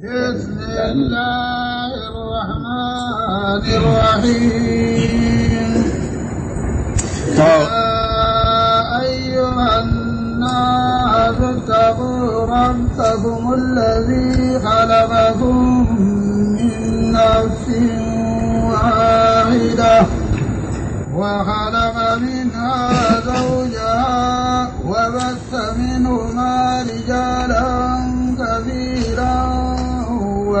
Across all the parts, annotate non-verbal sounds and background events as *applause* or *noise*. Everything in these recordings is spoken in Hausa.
بسم الله الرحمن الرحيم يا أيها الناس اتقوا ربكم الذي خلقكم من نفس واحدة وخلق منها زوجها وبث منهما رجالا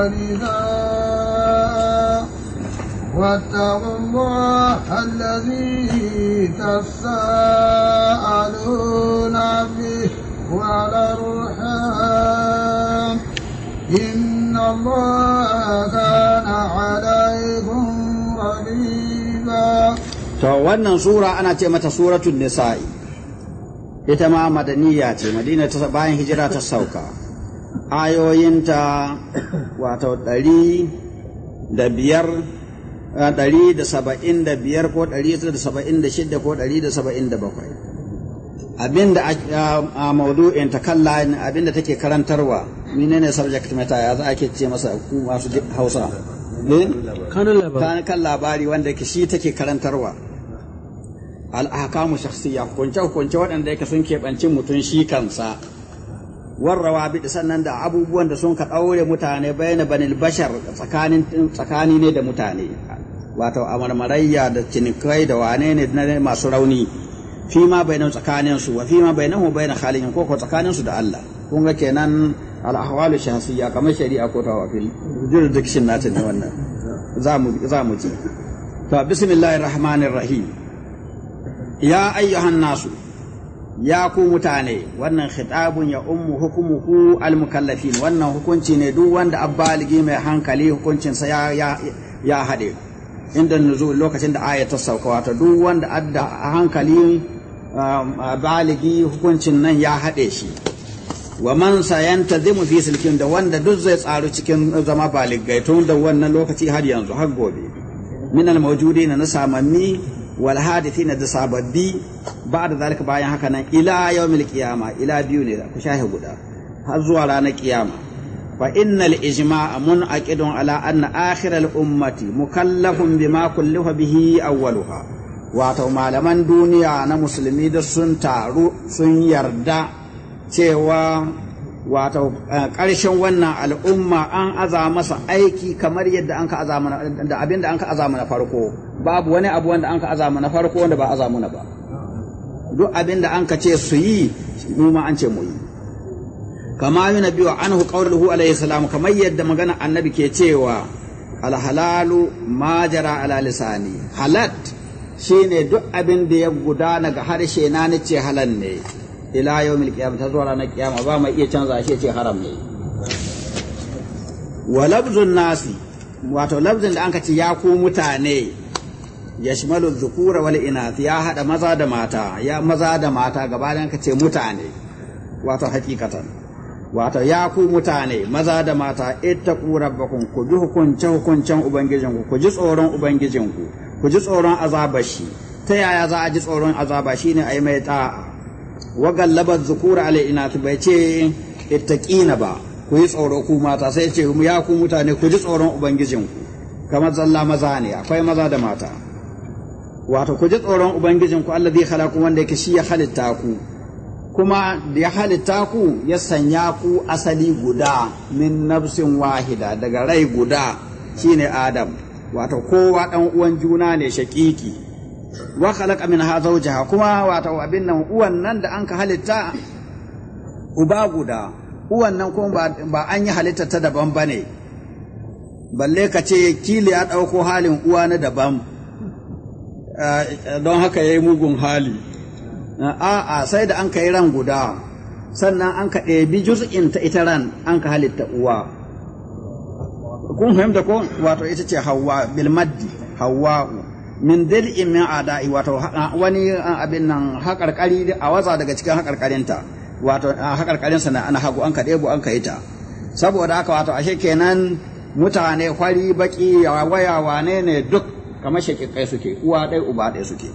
وليدا واتقوا الله الذي تساءلون به والأرحام إن الله كان عليكم رقيبا to wannan sura ana ce mata suratun nisa'i ita ma madaniya ce madina bayan hijira ta sauka ayoyinta wato ɗari da biyar ɗari da saba'in da biyar ko ɗari da saba'in da shidda ko ɗari da saba'in da bakwai abinda a maudu'in ta kalla abinda take karantarwa ne subject mata ya za ke ce masa masu hausa eh? kan labari wanda ke shi take karantarwa al'akamu shakhsiyya hukunce hukunce waɗanda yake sun keɓancin mutum shi kansa warrawa bi sannan da abubuwan da sun ka ɗaure mutane bayana banil bashar tsakani ne da mutane wato amarmarayya da cinikai da wane ne na masu rauni fi ma bainan tsakanin su wa fi ma bainahu bainan halin ko ko tsakanin su da Allah kun ga kenan al ahwalu shahsiyya kamar shari'a ko tawafil jurisdiction nata ne wannan za mu za ci to bismillahir rahmanir rahim ya ayyuhan nasu ya ku mutane wannan khitabun ya ummu hukumuku almukallafin wannan hukunci ne duk wanda abbaligi mai hankali hukuncinsa ya ya ya hade inda nuzul lokacin da aya ta sauka wato duk wanda adda hankali um, baligi hukuncin nan ya hade shi wa man sayantazimu fi silkin da wanda duk zai tsaru cikin zama baligai tun da wannan lokaci har yanzu har gobe min al na samammi wal hadithina da sababbi da zalika bayan haka nan ila yawmil qiyama ila biyu ne ku shahi guda har zuwa ranar kiyama fa innal ijma'a munaqidun ala anna akhirar ummati mukallafun bima kullifa bihi awwaluha wata malaman duniya na musulmi da sun taru sun yarda cewa wato eh, ƙarshen wannan al'umma an aza masa aiki kamar yadda an ka aza mana da abin da an ka aza mana farko babu wani abu wanda an ka aza mana farko wanda ba aza mana ba duk abin da an ka ce su yi mu ma an ce mu yi kama yana biyo anhu qauluhu alayhi salam kamar yadda magana annabi ke cewa alhalalu majara, jara ala lisani halat shine duk abin da ya gudana ga harshe na nace halal ne ila yawmil qiyamah ta zuwa ranar kiyama ba mai iya canza shi ce haram ne wa labzun nasi wato labzun da an ce ya ku mutane ya yashmalu zukura wal inath ya hada maza da mata ya maza da mata gaba da anka ce mutane wato hakikatan wato ya ku mutane maza da mata ittaqu rabbakum ku bi hukunce hukuncen ubangijinku ku ji tsoron ubangijinku ku ji tsoron azabashi ta yaya za a ji tsoron azaba shine ai mai ta'a wagallaba zukura alai ala inath bai ce ittaqina ba ku yi tsoro ku mata sai ce ya ku mutane ku ji tsoron ubangijinku kamar zalla maza ne akwai maza da mata wato ku ji tsoron ubangijinku zai halaku wanda yake shi ya halitta ku kuma da ya halitta ku ya sanya ku asali guda min nafsin wahida daga rai guda shine adam wato kowa dan uwan juna ne shakiki wa khalaqa ha zawjaha kuma wato abin nan uwan nan da an ka halitta uba guda uwan nan kuma ba an yi halitta ta daban bane balle ka ce kila ya dauko halin uwa na daban eh, don haka yayi mugun hali a'a sai da an yi ran guda sannan an ka ɗebi juz'in ta ita ran an ka halitta uwa kun fahimta ko wato ita ce hawa bilmaddi hawa'u min dil'in min ada'i wato wani abin nan haƙarƙari a watsa daga cikin haƙarƙarinta wato haƙarƙarinsa na ana hagu an ka ɗebo an ka yi ta saboda haka wato ashe kenan mutane kwari baki waya wane ne duk kamar shaƙiƙai suke uwa ɗaya uba ɗaya suke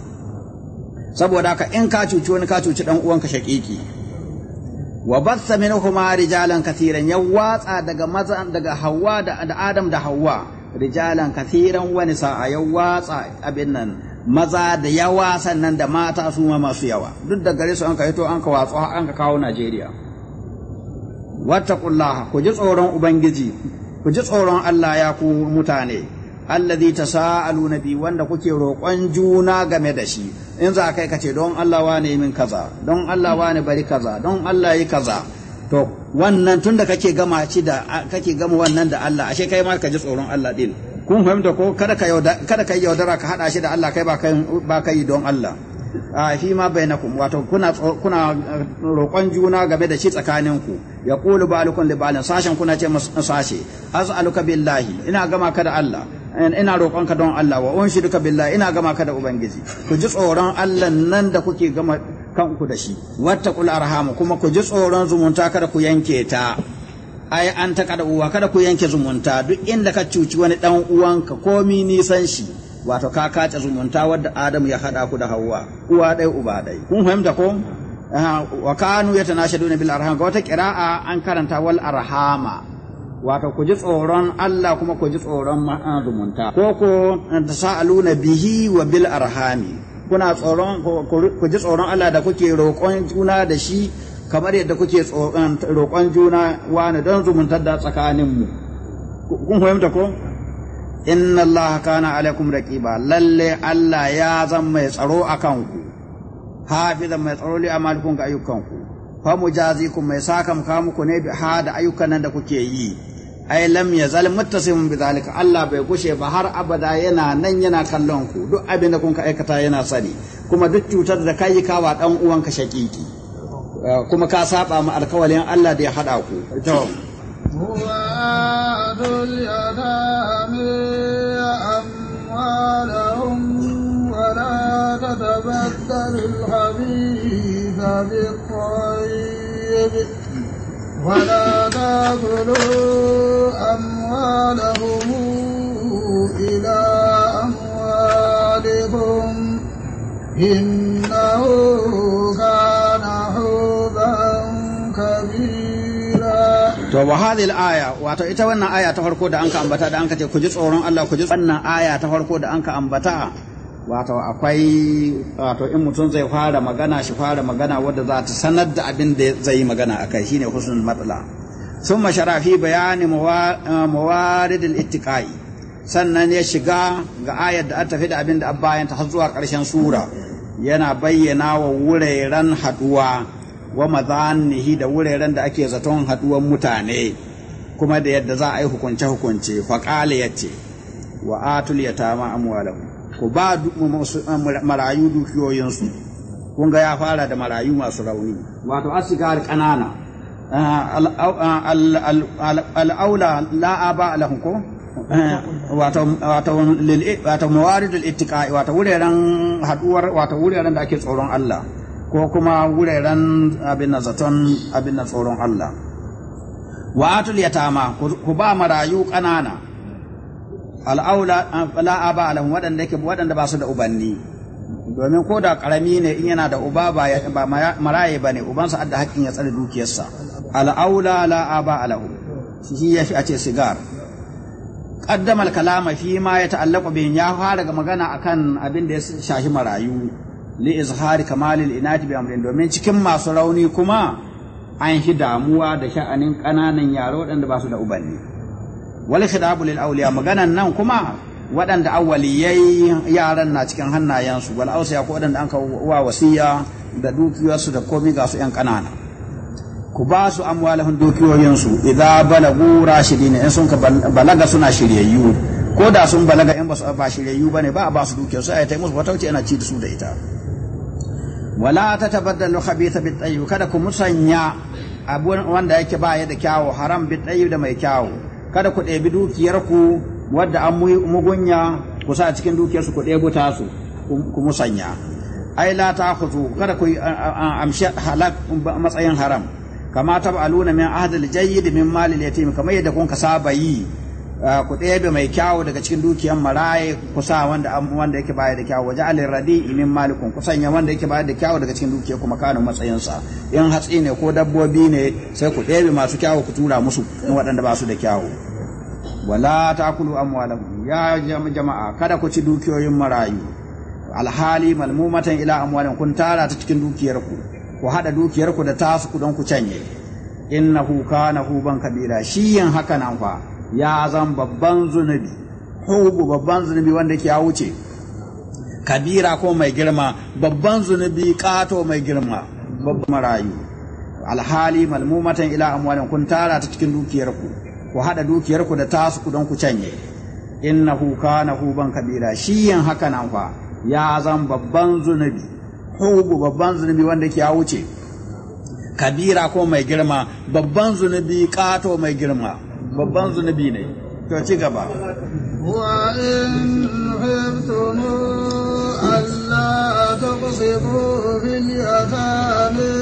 saboda haka in ka cuci wani ka cuci ɗan uwanka shaƙiƙi wa batsa minhuma rijalan katiran ya watsa daga mazan daga hawa da adam da hawa rijalan kathiran wani sa'a ya watsa abin nan maza da yawa sannan da mata su ma masu yawa duk da gare su an ka hito an ka watsu an ka kawo Najeriya wattaqullaha ku ji tsoron ubangiji ku ji tsoron Allah ya ku mutane allazi tasa'alu nabi wanda kuke roƙon juna game da shi in za kai ka ce don Allah wane min kaza don Allah wane bari kaza don Allah yi kaza to wannan tun da kake gama ci da kake gama wannan da Allah ashe kai ma ka ji tsoron Allah din kun fahimta ko kada ka yauda kada ka yaudara ka hada shi da Allah kai ba kai ba kai don Allah a fi ma bainakum wato kuna kuna uh, roƙon juna game da shi tsakanin ku yaqulu ba'alukum li ba'alin sashen kuna ce sashe az'aluka billahi ina gama ka da Allah ina roƙonka don Allah wa unshiduka billahi ina gama ka da ubangiji ku ji tsoron Allah nan da kuke gama kanku da shi wattaqul arhamu kuma ku ji tsoron zumunta kada ku yanke ta ai an ta kada uwa kada ku yanke zumunta duk inda ka cuci wani dan uwanka komi nisan shi wato ka kace zumunta wadda Adamu ya hada ku da hawa uwa dai uba dai kun fahimta ko wa kanu yatanashaduna bil arham ga wata qira'a an karanta wal arhama wato ku ji tsoron Allah kuma ku ji tsoron zumunta ko ko tasa'aluna bihi wa bil arhami kuna tsoron ku ji tsoron Allah da kuke roƙon juna da shi kamar yadda kuke um, roƙon juna wani don zumuntar da tsakaninmu kun fahimta ko inna Allah kana alaikum raqiba lalle Allah ya zan mai tsaro akan ku hafizan mai tsaro li amalikum ga ayyukanku fa mujazikum mai sakam kamu muku ne bi ha da ayyukan nan da kuke yi ai lam zalim muttasimun bi zalika Allah bai gushe ba har abada yana nan yana kallon ku duk abin da kun ka aikata yana sani kuma duk cutar da kai kawa dan uwanka shakiki eh, kuma ka saba mu alkawalin Allah da ya hada ku to تتبدل الخبيث بالطيب ولا تاكلوا أموالهم إلى أموالكم إنه كان حوبا كبيرا to wa hadhihi aya wato ita wannan aya ta farko da anka ambata da anka ce ku ji tsoron Allah ku ji wannan aya ta farko da anka ambata wato akwai wato in mutum zai fara magana shi fara magana wadda za ta sanar da abin da zai yi magana akai shine husnul matsala. sun masharafi bayani eh, mawaridil ittiqai sannan ya shiga ga ayar da tafi da abin da bayan ta har zuwa karshen sura yana bayyana wa wuraren haduwa wa mazanihi da wuraren da ake zaton haduwan mutane kuma da yadda za a yi hukunce hukunce faqala yace wa atul yatama amwalahum ku ba marayu dukiyoyinsu kun ga ya fara da marayu masu rauni wato asigar ƙanana. Ah, ah, al'aula la'a ba lahun ko eh, wato mawaridul ittiqa'i wato wuraren haduwar wato wuraren da ake tsoron Allah ko kuma wuraren abin na zaton abin na tsoron Allah wato liyata yatama ku ba marayu ƙanana. al'aula ah, la aba alahum waɗanda yake waɗanda ba su da ubanni domin ko da ƙarami ne in yana da uba ba maraye ba ne ubansa adda hakkin ya tsare dukiyarsa al'aula la aba alahum shi ya fi a ce sigar qaddama al-kalama fi ma ya ta'allaqu bihin ya fara ga magana akan abin da ya shahi marayu li kamalil inati bi amrin domin cikin masu rauni kuma an shi damuwa da sha'anin ƙananan yaro waɗanda ba su da ubanni wal khitabu lil awliya maganan nan kuma waɗanda awwaliyai yaran na cikin hannayensu wal ausiya ko waɗanda an wa wasiya da dukiyarsu da komi ga su ƴan ƙanana ku ba su amwalahun dukiyoyinsu idan balagu rashidina in sun ka balaga suna shiryayyu ko da sun balaga in ba su ba shiryayyu bane ba a ba su dukiyarsu a ta musu watauci ana ci da su da ita wala ta tabaddalu khabitha bit tayyib kada ku musanya abu wanda yake ba ya da kyawu haram bit tayyib da mai kyawu kada ku ɗebi dukiyar ku wadda an mugunya ku sa cikin dukiyarsu ku ɗebo su ku musanya ai la ta khutu kada ku amshi halak matsayin haram kama tab'aluna min ahdil jayyid min malil yatim kamar yadda kun ka saba yi Ah, ku ɗebe mai kyawu daga cikin dukiyan maraye ku sa wanda wanda yake bayar da kyawu waje alin radi imin malikun ku sanya wanda yake bayar da kyawu daga cikin dukiyar kuma kanu matsayinsa in hatsi ne ko dabbobi ne sai ku ɗebe masu kyawu ku tura musu in waɗanda ba su da kyawu wala takulu amwalan ya jama'a kada ku ci dukiyoyin marayu alhali malmumatan ila amwalin kun tara ta cikin dukiyarku ku haɗa dukiyarku da tasu ku don ku canye innahu kana huban kabira shi yin haka nan fa ya zan babban zunubi hugu babban zunubi wanda ke ya wuce kabira ko mai girma babban zunubi kato mai girma babban marayu alhali malmumatan ila amwalin kun tara ta cikin dukiyarku ku hada dukiyarku da tasu ku don ku canye innahu kana huban kabira shi yin haka nan fa ya zan babban zunubi hugu babban zunubi wanda ke ya wuce kabira ko mai girma babban zunubi kato mai girma babban zunubi ne to ci gaba wa in hibtumu alla tuqsitu bil yatami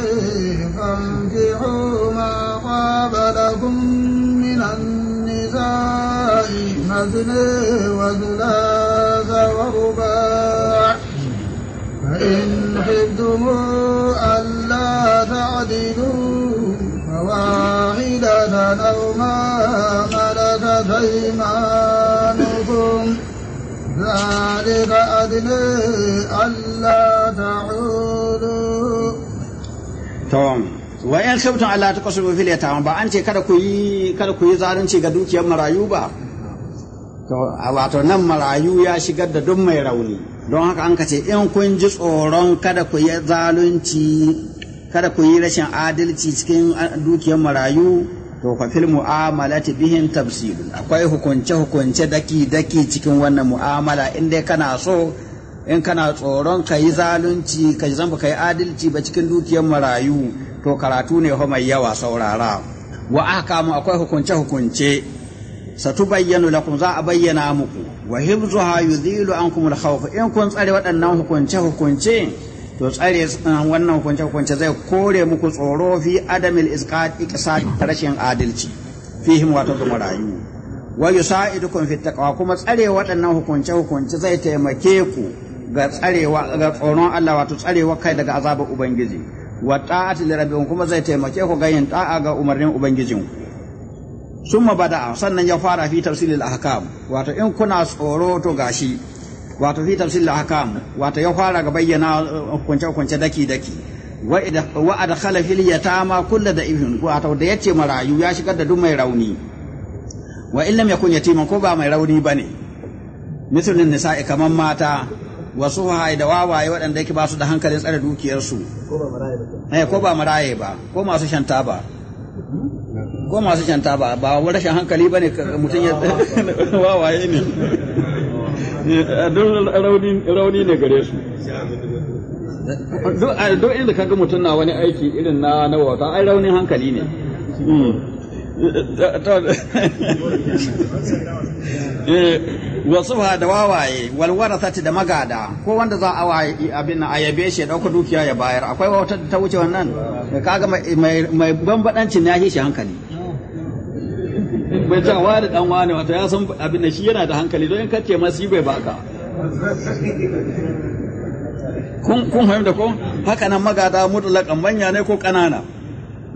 fankihu ma qaba lakum min an-nisa'i مثنى وثلاث ورباع فإن خفتم ألا تعدلوا واحدة أو ما ملكت أيمانكم ذلك أدنى ألا تعودوا تمام wa in khiftum alla taqsudu fil yatama ba an ce kada ku yi kada ku yi zalunci ga dukiyar marayu ba to wato nan marayu ya shigar da duk mai rauni don haka an ka ce in kun ji tsoron kada ku yi zalunci kada ku yi rashin adalci cikin dukiyar marayu to fa fil mu'amalati bihim tafsil akwai hukunce hukunce daki daki cikin wannan mu'amala in dai kana so in kana tsoron ka yi zalunci ka zan ka yi adalci ba cikin dukiyar marayu to karatu ne ho mai yawa saurara wa ahkamu akwai hukunce hukunce satubayyanu lakum za a bayyana muku wa hibzuha yudhilu ankum al-khawf in kun tsare waɗannan hukunce hukunce to tsare uh, wannan hukunce hukunce zai kore muku tsoro fi adamil isqat iqsad rashin adalci fihim wato ga marayu wa yusaidukum fi taqwa kuma tsare waɗannan hukunce hukunce zai taimake ku ga tsarewa ga tsoron Allah wato tsarewa kai daga azabar ubangiji wa ta'ati li kuma zai taimake ku ga yin ta'a ga umarnin ubangijinku summa bada'a sannan ya fara fi tafsilil ahkam wato in kuna tsoro to gashi wato fi al ahkam wato ya fara ga bayyana hukunce hukunce daki daki wa adkhala fil yatama kull da ibn wato da yace marayu ya shigar da duk mai rauni wa in yakun yatima ko ba mai rauni bane misalin nisa'i kaman mata wasu suha da wawaye waɗanda yake ba su da hankalin tsare dukiyarsu eh, ko ba maraye ba ko masu shan taba ko masu shan taba ba rashin hankali bane mutum ya *laughs* wawaye ne Eh, don rauni ne gare su duk inda kaga mutum na wani aiki irin na na wata ai raunin hankali ne hmm. eh, *laughs* eh, wasu da wawaye walwara sati da magada ko wanda za a abin a yabe shi ya ɗauka dukiya ya bayar akwai wata ta wuce wannan kaga mai bambaɗancin ya shi hankali bai ce wa da dan wane wata ya san abin da shi yana da hankali don in ka masi bai baka kun kun fahimta ko haka nan magada mutlaqan manya ne ko kanana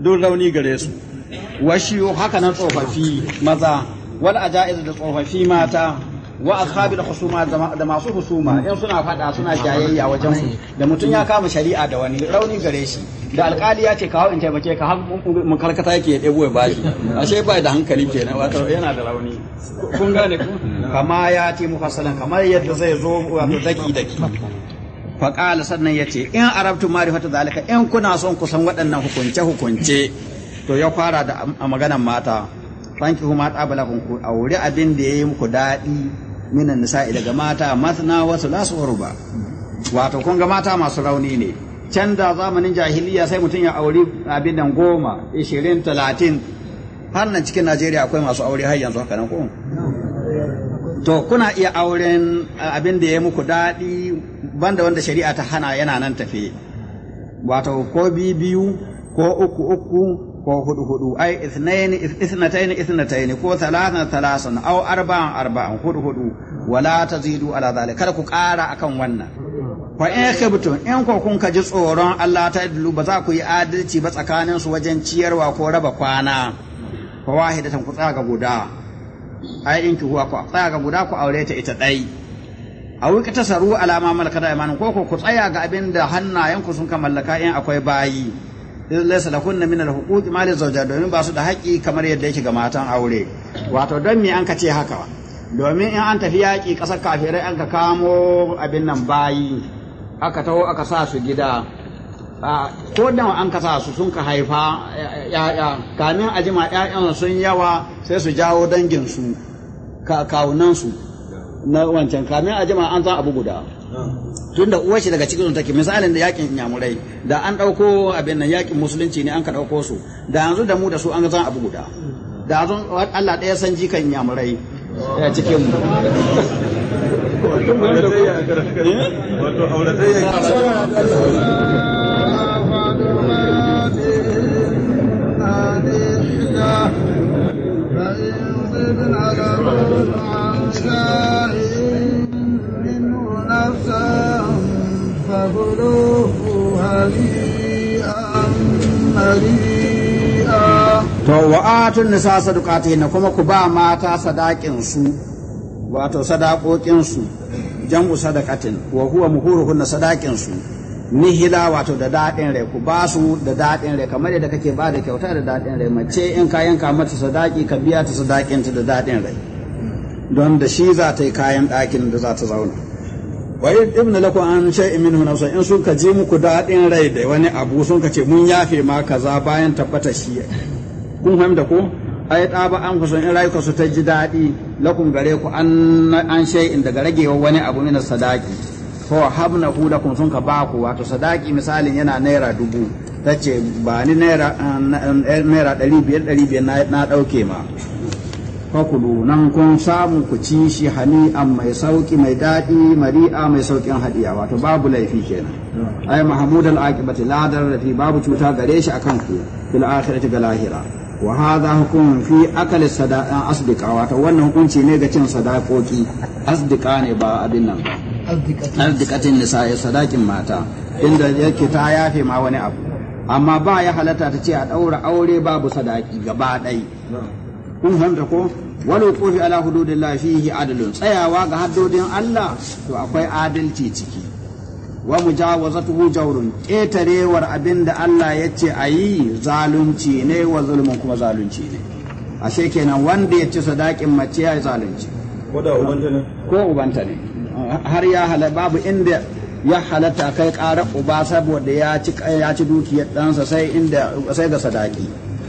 don rauni gare su washiyo haka nan tsofaffi maza wal ajaiz da tsofaffi mata wa ashabil husuma da masu husuma in suna fada suna jayayya wajen su da mutum ya kama shari'a da wani rauni gare shi da alkali ya ce kawo in taimake ka har mun karkata yake ya ɗebo ya bashi ashe ba da hankali na wato yana da rauni kun gane ku kama ya ce mufassalan kamar yadda zai zo wato daki daki faqala sannan yace in arabtu ma'rifata zalika in kuna son ku san waɗannan hukunce hukunce to ya fara da maganan mata ranki kuma ta balakun ku aure abin da yayi muku daɗi minan nisa'i daga mata mathna wa thulas wa ruba wato kun ga mata masu rauni ne can da zamanin jahiliya sai mutum ya auri abin goma ishirin talatin har nan cikin najeriya akwai masu aure har yanzu haka nan ko to kuna iya auren abin da ya muku daɗi banda wanda shari'a ta hana yana nan tafe wato ko biyu ko uku uku ko hudu hudu ai isnaini isnataini isnataini ko thalathan thalathan aw arba'an arba'an hudu hudu wala tazidu ala zalika kada ku ƙara akan wannan fa in khibtum in ko kun kaji ji tsoron Allah ta idlu ba za ku yi adalci ba tsakanin su wajen ciyarwa ko raba kwana fa wahidatan ku tsaga guda ai in ki huwa ku tsaga guda ku aure ta ita dai a wuka tasaru alama malaka da imanin ko ku tsaya ga abin da hannayenku sun ka mallaka in akwai bayi laysa lahunna min al-huquq ma li domin ba su da haƙi kamar yadda yake ga matan aure wato don me an ka ce haka domin in an tafi yaki ƙasar kafirai an ka kamo abin nan bayi aka taho aka sa su gida ko da an ka sa su sun ka haifa ya'ya kamin a jima ya'yan sun yawa sai su jawo dangin su kawunan su na wancan kamin a jima an za abu guda tunda uwar shi daga cikin take misalin da yakin nyamurai da an dauko abin nan yakin musulunci ne an ka dauko su da yanzu da mu da su an zan abu guda da yanzu Allah ɗaya san jikan nyamurai a eh, cikin mu فإن To wa مريئا to sadukati nisa kuma ku ba mata sadakin su wato sadakokin su jam'u sadakatin wa huwa muhuruhun sadakin su nihila wato da daɗin rai ku ba su da daɗin rai kamar yadda kake ba da kyauta da daɗin rai mace in ka yanka mata sadaki ka biya ta sadakinta da daɗin rai don da shi za ta yi kayan ɗakin da za ta zauna wa ibn lakum an shay'in minhu nafsa in sun ka ji muku dadin rai da wani abu sun ka ce mun yafe ma kaza bayan tabbata shi kun fahimta ko ai da ba an kusan in rayuka su ta ji dadi lakum gare ku an an shay'in daga ragewa wani abu min sadaki fa habna hu lakum sun ka ba ku wato sadaki misalin yana naira dubu tace ba ni naira eh, naira 500 500 na dauke ma fakulu nan kun samu ku ci shi hani'an mai sauki mai daɗi mari'a mai saukin hadiya wato babu laifi kenan ai mahmud al-aqibati la darrafi babu cuta gare shi akan ku fil akhirati ga lahira wa hadha hukumun fi akal sadaqa asdiqa wato wannan hukunci ne ga cin sadaqoki asdiqa ne ba abin nan asdiqatin nisa'i sadaqin mata inda yake ta yafe ma wani abu amma ba ya halatta ta ce a daura aure babu sadaki gaba ɗaya kun fahimta ko wani kofi ala hududin lafihi adalun tsayawa ga haddodin Allah to akwai adalci ciki wa mujawazatuhu jawrun ƙetarewar abin da Allah ya ce a yi zalunci ne wa zulmin kuma zalunci ne ashe kenan wanda ya ci sadakin mace ya yi zalunci ko da ubanta ne ko ubanta ne har ya halatta babu inda ya halatta kai ƙara uba saboda ya ci dukiyar ɗansa sai inda sai ga sadaki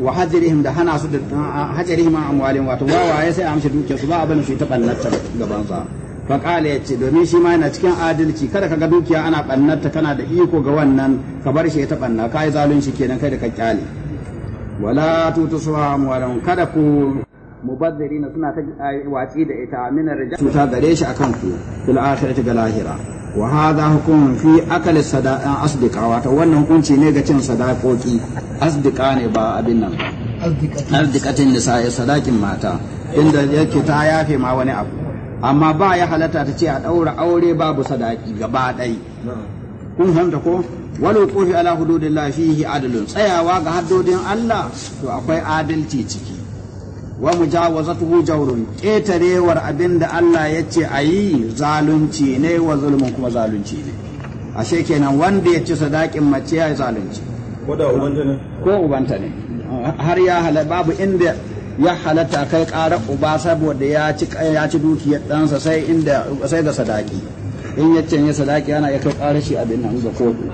wa hajarihim da hana su da hajarihim amwalin wato wawaye sai a dukiyar su ba abin su ta bannarta gaban sa fa qala domin shi ma yana cikin adalci kada ka ga dukiya ana bannarta kana da iko ga wannan ka bar shi ta banna yi zalunci kenan kai da ka kyale wala tutusuha amwalan kada ku na suna ta watsi da ita min rijal tuta gare shi akan ku fil akhirati ga lahira wa hadha hukumun fi akali sadaqa asdiqa wato wannan hukunci ne ga cin sadakoki asdiqa ne ba abin nan asdiqatin nisa'i sadakin mata inda yake ta yafe ma wani abu amma ba ya halatta ta ce a daura aure babu sadaki gaba dai kun hanta ko wal qufi ala hududillahi fihi adlun tsayawa ga haddodin Allah to akwai adalci ciki wa mujawazatuhu jawrun ƙetarewar abinda Allah ya ce a yi zalunci ne wa zulmin kuma zalunci ne ashe kenan wanda ya ci sadakin mace ya yi zalunci ko da ubanta ne ko ubanta ne har ya halatta babu inda ya halatta kai ƙara uba saboda ya ci ya ci dukiyar ɗansa sai inda sai da sadaki in ya ne sadaki yana ya kai ƙara shi abin nan ga kotu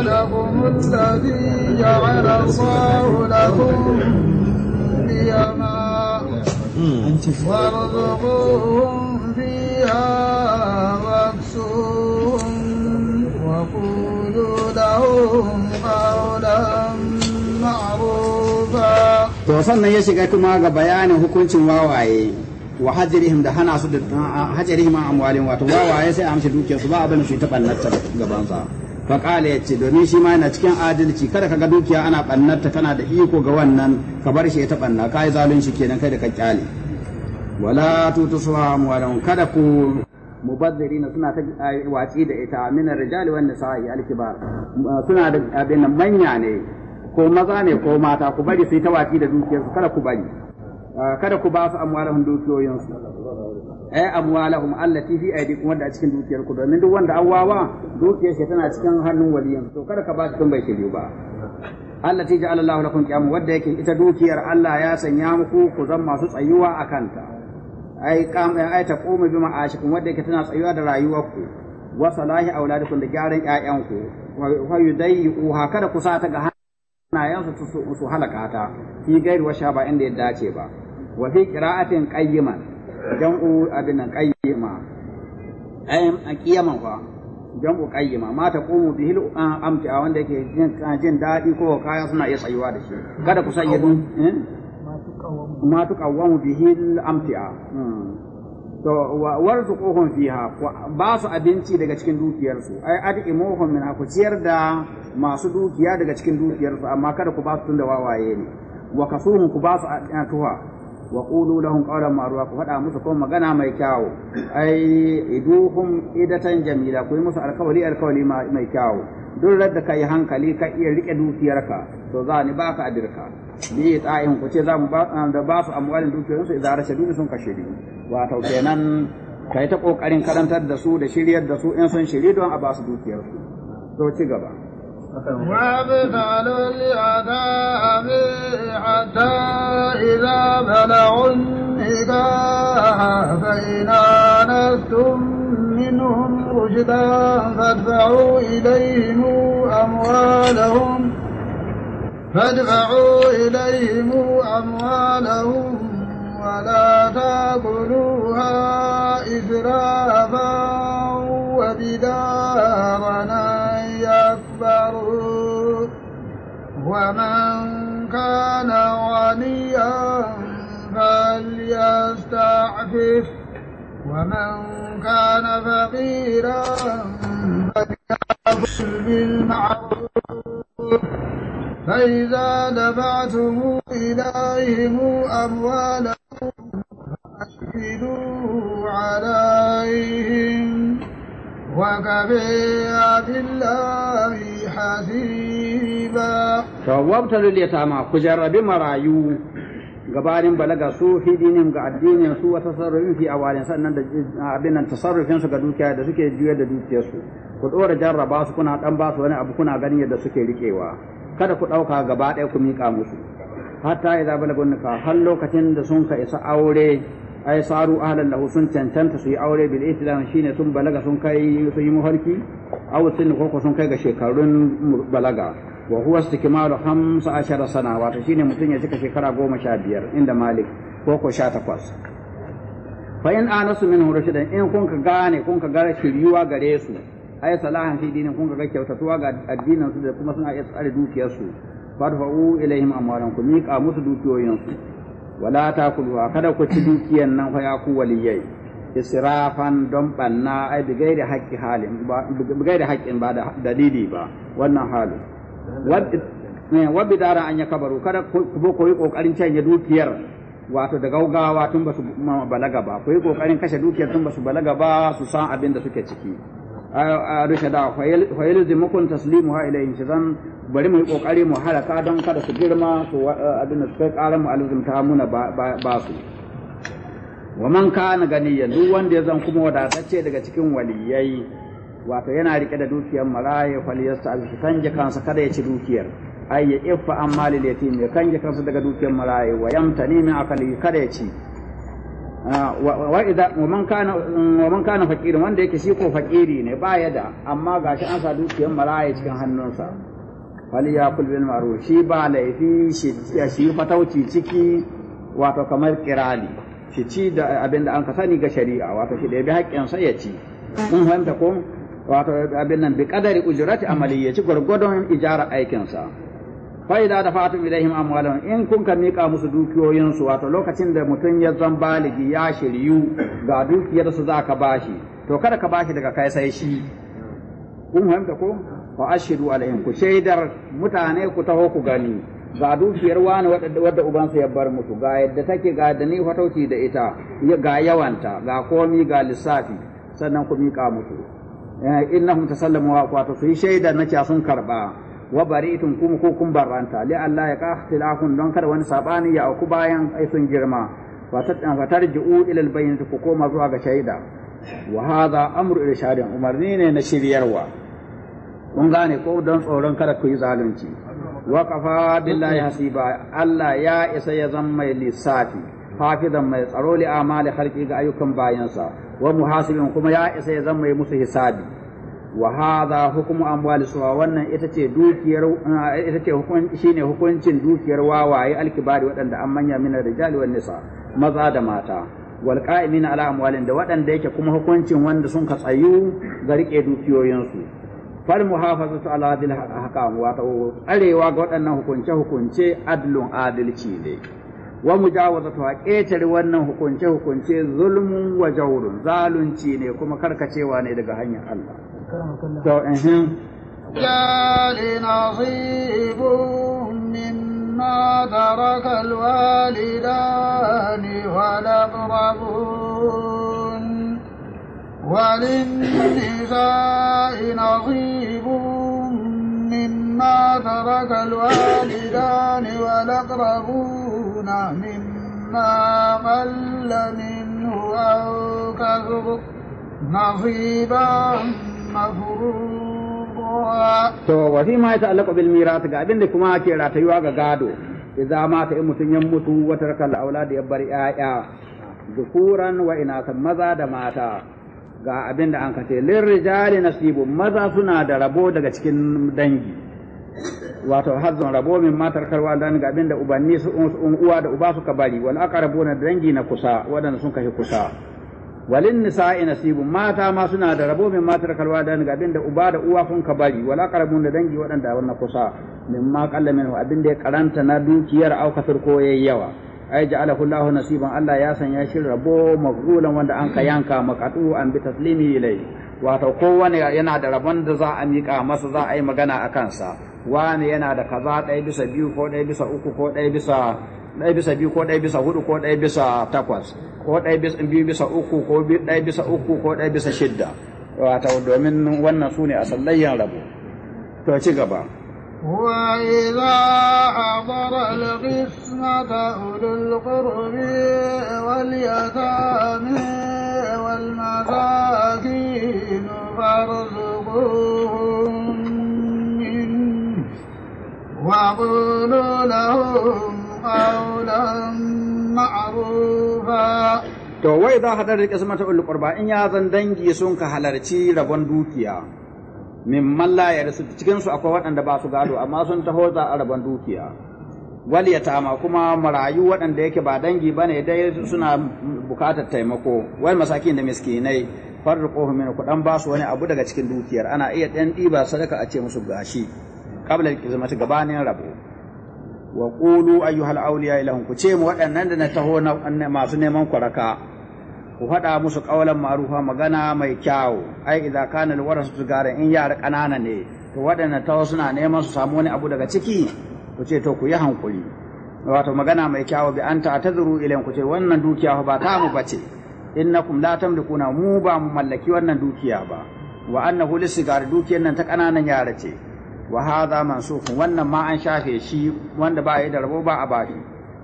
لهم الذي جعل الله لهم نيما وارزقوهم فيها واكسوهم وقولوا لهم قولا معروفا to sannan ya shiga kuma ga bayanin hukuncin wawaye wa hajarihim da hana su da hajarihim amwalin wato wawaye sai amsa dukiyarsu ba abin su ta ta faƙala ya ce domin shi ma yana cikin adalci kada ka ga dukiya ana ɓannarta kana da iko ga wannan ka bar shi ita ɓanna ka yi zalunci kenan kai da ka ƙyale wala tutu suha muwalan kada ku na suna ta watsi da ita min rijali wan nisa'i ya kibar suna da abin manya ne ko maza ne ko mata ku bari su yi ta watsi da dukiyarsu kada ku bari kada ku ba su amwalahun dukiyoyinsu ay amwalahum allati fi aydikum wanda a cikin dukiyar ku domin duk wanda an wawa dukiyar shi tana cikin hannun waliyin to kada ka ba shi tun bai biyu ba allati ja'ala Allahu lakum qiyamu wanda yake ita dukiyar Allah ya sanya muku ku zan masu tsayuwa akan ta ai kam ai ta qoma bi ma'ashikum wanda yake tana tsayuwa da rayuwarku wa salahi auladukum da gyaran ku. wa ha kada ku sa ta ga hannayensu su halaka ta fi gairu wa sha ba inda ya dace ba wa fi qira'atin qayyiman jam'u abin nan qayyima ayyam aqiyama fa jam'u qayyima ma taqumu bihi a wanda yake jin jin dadi ko kaya suna iya tsayuwa da shi kada ku sanya dun eh? ma tuqawwamu bihi amti'a to wa warzuquhum fiha ba su abinci daga cikin dukiyarsu ai ad'imuhum min ku ciyar da masu dukiya daga cikin dukiyarsu amma kada ku ba su tunda wawaye ne wa kasuhum ku ba su tuha wa da lahum qawlan maruwa ku faɗa musu kuma magana mai kyawu ai iduhum idatan jamila ku yi musu alkawali alkawali mai kyawu duk radda ka yi hankali ka iya rike dukiyarka to za ni baka adirka yi ta'in ku ce za mu ba da ba su amwalin dukiyarsu idan rashe duk sun kashe ni wato kenan kai ta ƙoƙarin karantar da su da shiryar da su in sun shiri don a ba su dukiyarsu to ci gaba وابتل اليتامى حتى إذا بلغوا النكاح فإن آنستم منهم رشدا فادفعوا إليهم أموالهم فادفعوا إليهم أموالهم ولا تأكلوها إسرافا وبدارا ومن كان غنيا فليستعفف ومن كان فقيرا فليأكل بالمعروف فإذا دفعتم إليهم أموالهم فأشهدوا عليهم وكفى بالله حسيبا to wabtalul yatama ku jarrabi marayu gabanin balaga su ga addinin su wata tasarrufin fi awalin sannan da abin tasarrufin su ga dukiya da suke juya da dukiyar su ku dora jarraba su kuna dan ba su wani abu kuna ganin yadda suke rikewa kada ku ɗauka gaba ɗaya ku mika musu hatta idza balagun ka har lokacin da sun ka isa aure ai saru ahlan lahu sun cancanta su yi aure bil islam shine sun balaga sun kai sun yi muharki aw sun ko sun kai ga shekarun balaga wa huwa istikmalu 15 sana wato shine mutum ya cika shekara goma sha biyar inda malik ko ko sha takwas fa in anasu minhu rashidan in kun ka gane kun ka gane shiryuwa gare su ay salahan fi dinin kun ga kyautatuwa ga addinin su da kuma suna iya tsare dukiyar su farfa'u ilaihim amwalan ku miƙa musu dukiyoyin su wala takuluha kada ku ci dukiyan nan fa ya ku waliyai israfan don banna ai bigairi haƙƙi halin ba bigairi haƙƙin ba da dalili ba wannan halin wa eh, dara an kabaru kada kuma ko yi kokarin canye dukiyar wato da gaugawa tun ba su balaga ba Ko yi kokarin kashe dukiyar tun ba su balaga ba su san abin da suke ciki a rushe da fayil zimukun taslimu ha ilayhi shi zan bari mu yi kokari mu halaka don kada su girma su eh, abin da suka karar mu alzumta muna ba su wa man kana gani duk wanda ya zan kuma wadatacce daga cikin waliyai wato yana rike da dukiyar maraya faliyarsa a shi kanje kansa kada ya ci dukiyar ai ya ifa an mali yatim ya kanje kansa daga dukiyar maraya wa yamtani min akali kada ya ci ah, wa idza wa man kana wa man kana fakirin wanda yake shi ko fakiri ne ba ya da amma gashi an sa dukiyar maraya cikin hannunsa fali ya kul bil ma'ruf shi ba laifi shi ya shi fatauci ciki wato kamar kirali shi ci da abin da an ka sani ga shari'a wato shi da ya bi haƙƙinsa ya ci mun fahimta ko wato abin nan bi kadari ujurati amali ya ci aikin ijara aikinsa fa idza dafatum ilaihim amwalahum in kun ka mika musu dukiyoyinsu wato lokacin da mutum ya zan baligi ya shiryu ga dukiyar su zaka bashi to kada ka bashi daga kai sai shi kun fahimta ko fa ashhadu alaihim ku shaidar mutane ku taho ku gani ga dukiyar wani wadda ubansa ya bar musu ga yadda take ga da ni fatauci da ita ga yawanta ga komi ga lissafi sannan ku mika musu Eh, innahum tasallamu wa qato su yi shaida na cewa sun karba wa bari'tum kuma ko kun barranta li Allah ya qahtilakun don kada wani sabani ya auku bayan ai sun girma wa tarji'u ila al-bayyinati ku koma zuwa ga shaida wa hadha amru irshadin umarni ne na shiryarwa kun gane ko don tsoron kada ku yi zalunci wa kafa billahi hasiba Allah ya isa ya zama mai lissafi hafizan mai tsaro li amali khalqi ga ayyukan bayansa wa muhasibin kuma ya isa ya zama mai musu hisabi wa hadha hukmu amwali suwa wannan ita ce dukiyar ita ce shine hukuncin dukiyar wawaye alkibari waɗanda an manya min rijali wan nisa maza da mata wal qa'imin ala amwalin da waɗanda yake kuma hukuncin wanda sun ka tsayu ga rike dukiyoyinsu fal muhafazatu ala hadhihi al ahkam wa arewa ga waɗannan hukunce hukunce adlun adalci ne wa ta ƙetare wannan hukunce hukunce zulmun wa jawrun zalunci ne kuma karkacewa ne daga hanyar Allah to ehin ترك الوالدان والأقربون وللنساء نصيب مما ترك الوالدان والأقربون مما قل منه أو كثر نصيبا to wasi ma ya ta'allaka bil miras ga abin da kuma ake ratayuwa ga gado idza ma ta mutun ya mutu wa taraka al aulad ya bar ya'ya dukuran wa inasan maza da mata ga abin da an kace lirrijali nasibu maza suna da rabo daga cikin dangi wato hazzon rabo min matar karwa dan ga abin da ubanni su uwa da uba suka bari wal na dangi na kusa wadanda sun kashi kusa walin nisa'i nasibu mata ma suna da rabo min matar karwa dan ga abin da uba da uwa sun ka bari wal na dangi wadanda wannan kusa ma qalla min abin da ya karanta na dukiyar au kafir ko yawa. ai ja'alahu Allahu nasiban Allah ya sanya shi rabo magulan wanda an ka yanka makatu an bi taslimi ilai wato kowane yana da rabon da za a mika masa za a yi magana a kansa wani yana da kaza ɗaya bisa biyu ko ɗaya bisa uku ko ɗaya bisa ɗaya bisa biyu ko ɗaya bisa hudu ko ɗaya bisa takwas ko ɗaya bisa biyu bisa uku ko ɗaya bisa uku ko ɗaya bisa shidda wata domin wannan su ne a sallayyan rabu to ci gaba وإذا حضر القسمة أولو القرب واليتامى والمساكين فارزقوه to wai za hadar da kismata ulƙurba in ya zan dangi sun ka halarci rabon dukiya min malla ya rasu cikinsu akwai waɗanda ba su gado amma sun taho za a rabon dukiya wal tama kuma marayu waɗanda yake ba dangi ba ne dai suna bukatar taimako wai masakin da miskinai farriquhu min kuɗan ba su wani abu daga cikin dukiyar ana iya ɗan ɗiba sadaka a ce musu gashi Kabla ki zama qizmati gabanin rabo wa qulu ayyuhal awliya ilahum ku ce mu waɗannan da na taho na masu neman kwaraka ku faɗa musu qawlan ma'rufa magana mai kyawu ai idza kana al-warasu sigaran in yara ƙanana ne to waɗannan taho suna neman su samu wani abu daga ciki ku ce to ku yi hankuli wato magana mai kyawu bi anta atadhuru ilayhim ku ce wannan dukiya ba ta mu bace innakum la tamlikuna mu ba mu mallaki wannan dukiya ba wa annahu lissigar dukiyar nan ta ƙananan yara ce wa hadha mansukh wannan ma an shafe shi wanda ba yi da rabo ba a bashi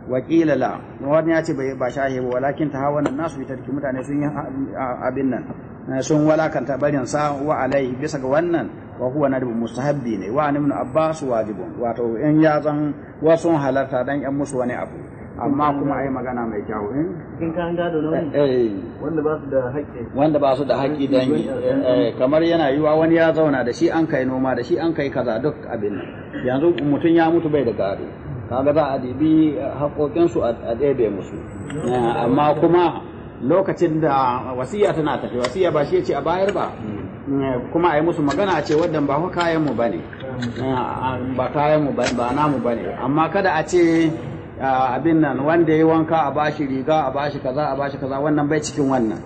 wa qila la wannan ya ce ba shafe ba walakin ta hawa nan nasu bitarki mutane sun yi abin nan eh, sun walakanta barin sa wa alai bisa ga wannan wa huwa nadbu mustahabbi ne wa ibn abbas wajibun wato in ya zan wasu halarta dan yan musu wani abu amma kuma ai magana mai kyau in eh? kin kan gado nauyi eh, eh. wanda ba su da haƙƙi wanda ba su da haƙƙi dangi kamar yana yiwa wani ya zauna da shi an kai noma da shi an kai kaza duk abin nan yanzu mutum ya mutu bai da gado kaga za a dibi haƙoƙinsu a ɗebe musu amma kuma lokacin da wasiya tana tafi wasiya ba shi ya ce a bayar ba hmm. kuma a yi musu magana a ce wadan ba kayan mu bane ba hmm. kayan mu ba namu bane amma kada a ce abin nan wanda ya wanka a bashi riga a bashi kaza a bashi kaza wannan bai cikin wannan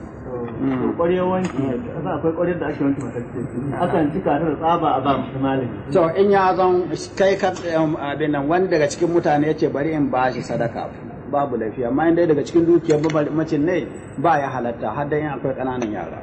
mm. ƙwarewar wanki a akwai ƙwarewar da ake wanki matakci akan cika da tsaba a ba malami to in ya zan kai ka um, abin nan wani daga cikin mutane yace bari in ba shi sadaka babu laifi amma in dai daga cikin dukiyar babal macin ne ba ya halatta har in akwai ƙananan yara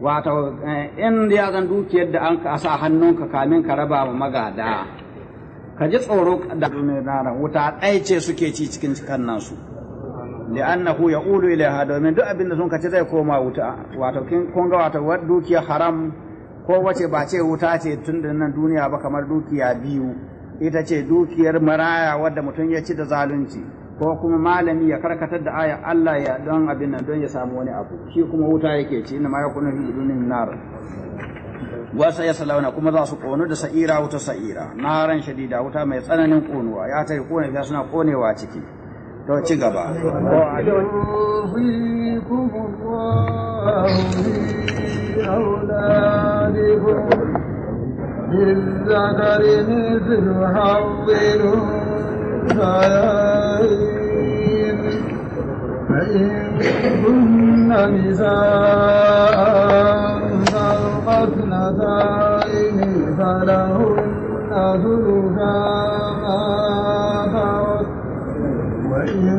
wato eh, in ya zan dukiyar da an ka sa hannunka kamin ka raba wa magada ka ji tsoro da duniyar wuta ɗaya ce suke ci cikin cikan nan su li'annahu ya'ulu ilaiha domin duk abin da sun kace zai koma wuta wato kin kun ga wato dukiyar haram ko wace ba ce wuta ce tun da nan duniya ba kamar dukiya biyu ita ce dukiyar maraya wadda mutum ya ci da zalunci ko kuma malami ya karkatar da aya Allah ya don abin nan don ya samu wani abu shi kuma wuta yake ci inna ma yakunu fi dunin nar wa sayasalauna kuma za su kono da sa'ira wuta sa'ira naran shadida wuta mai tsananin konuwa ya ta kone fiya suna konewa ciki to ci gaba للذكر مثل حظ فإن كن نساء فوق اثنتين فلهن ثلثا ما ترك وإن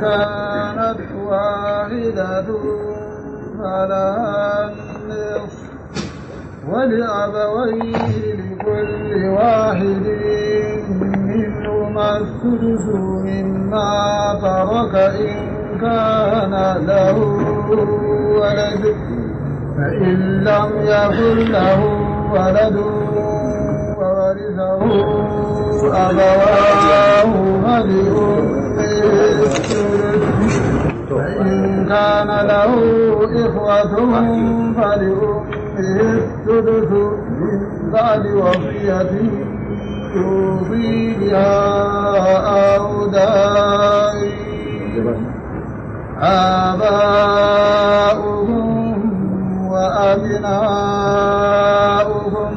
كانت واحدة فلها النصف ولأبويه لكل واحد ولهما الثلث مما ترك إن كان له ولد فإن لم يكن له ولد وورثه أبواه فبأمه فإن كان له إخوة فلأمه الثلث من بعد وصيته توصي بها أولئك آباؤهم وأبناؤهم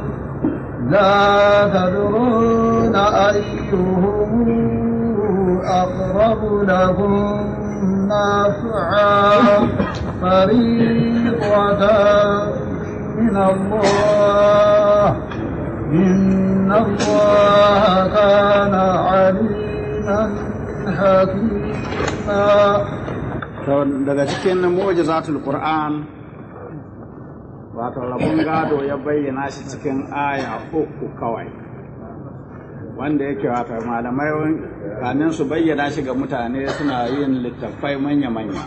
لا تدرون أيهم أقرب لهم نفعا فريضة من الله الله كان عليما حكيما daga cikin mu'jizatul Qur'an wato rabon gado ya bayyana shi cikin aya uku kawai wanda yake wato malamai kamin su bayyana shi ga mutane suna yin littattafai manya-manya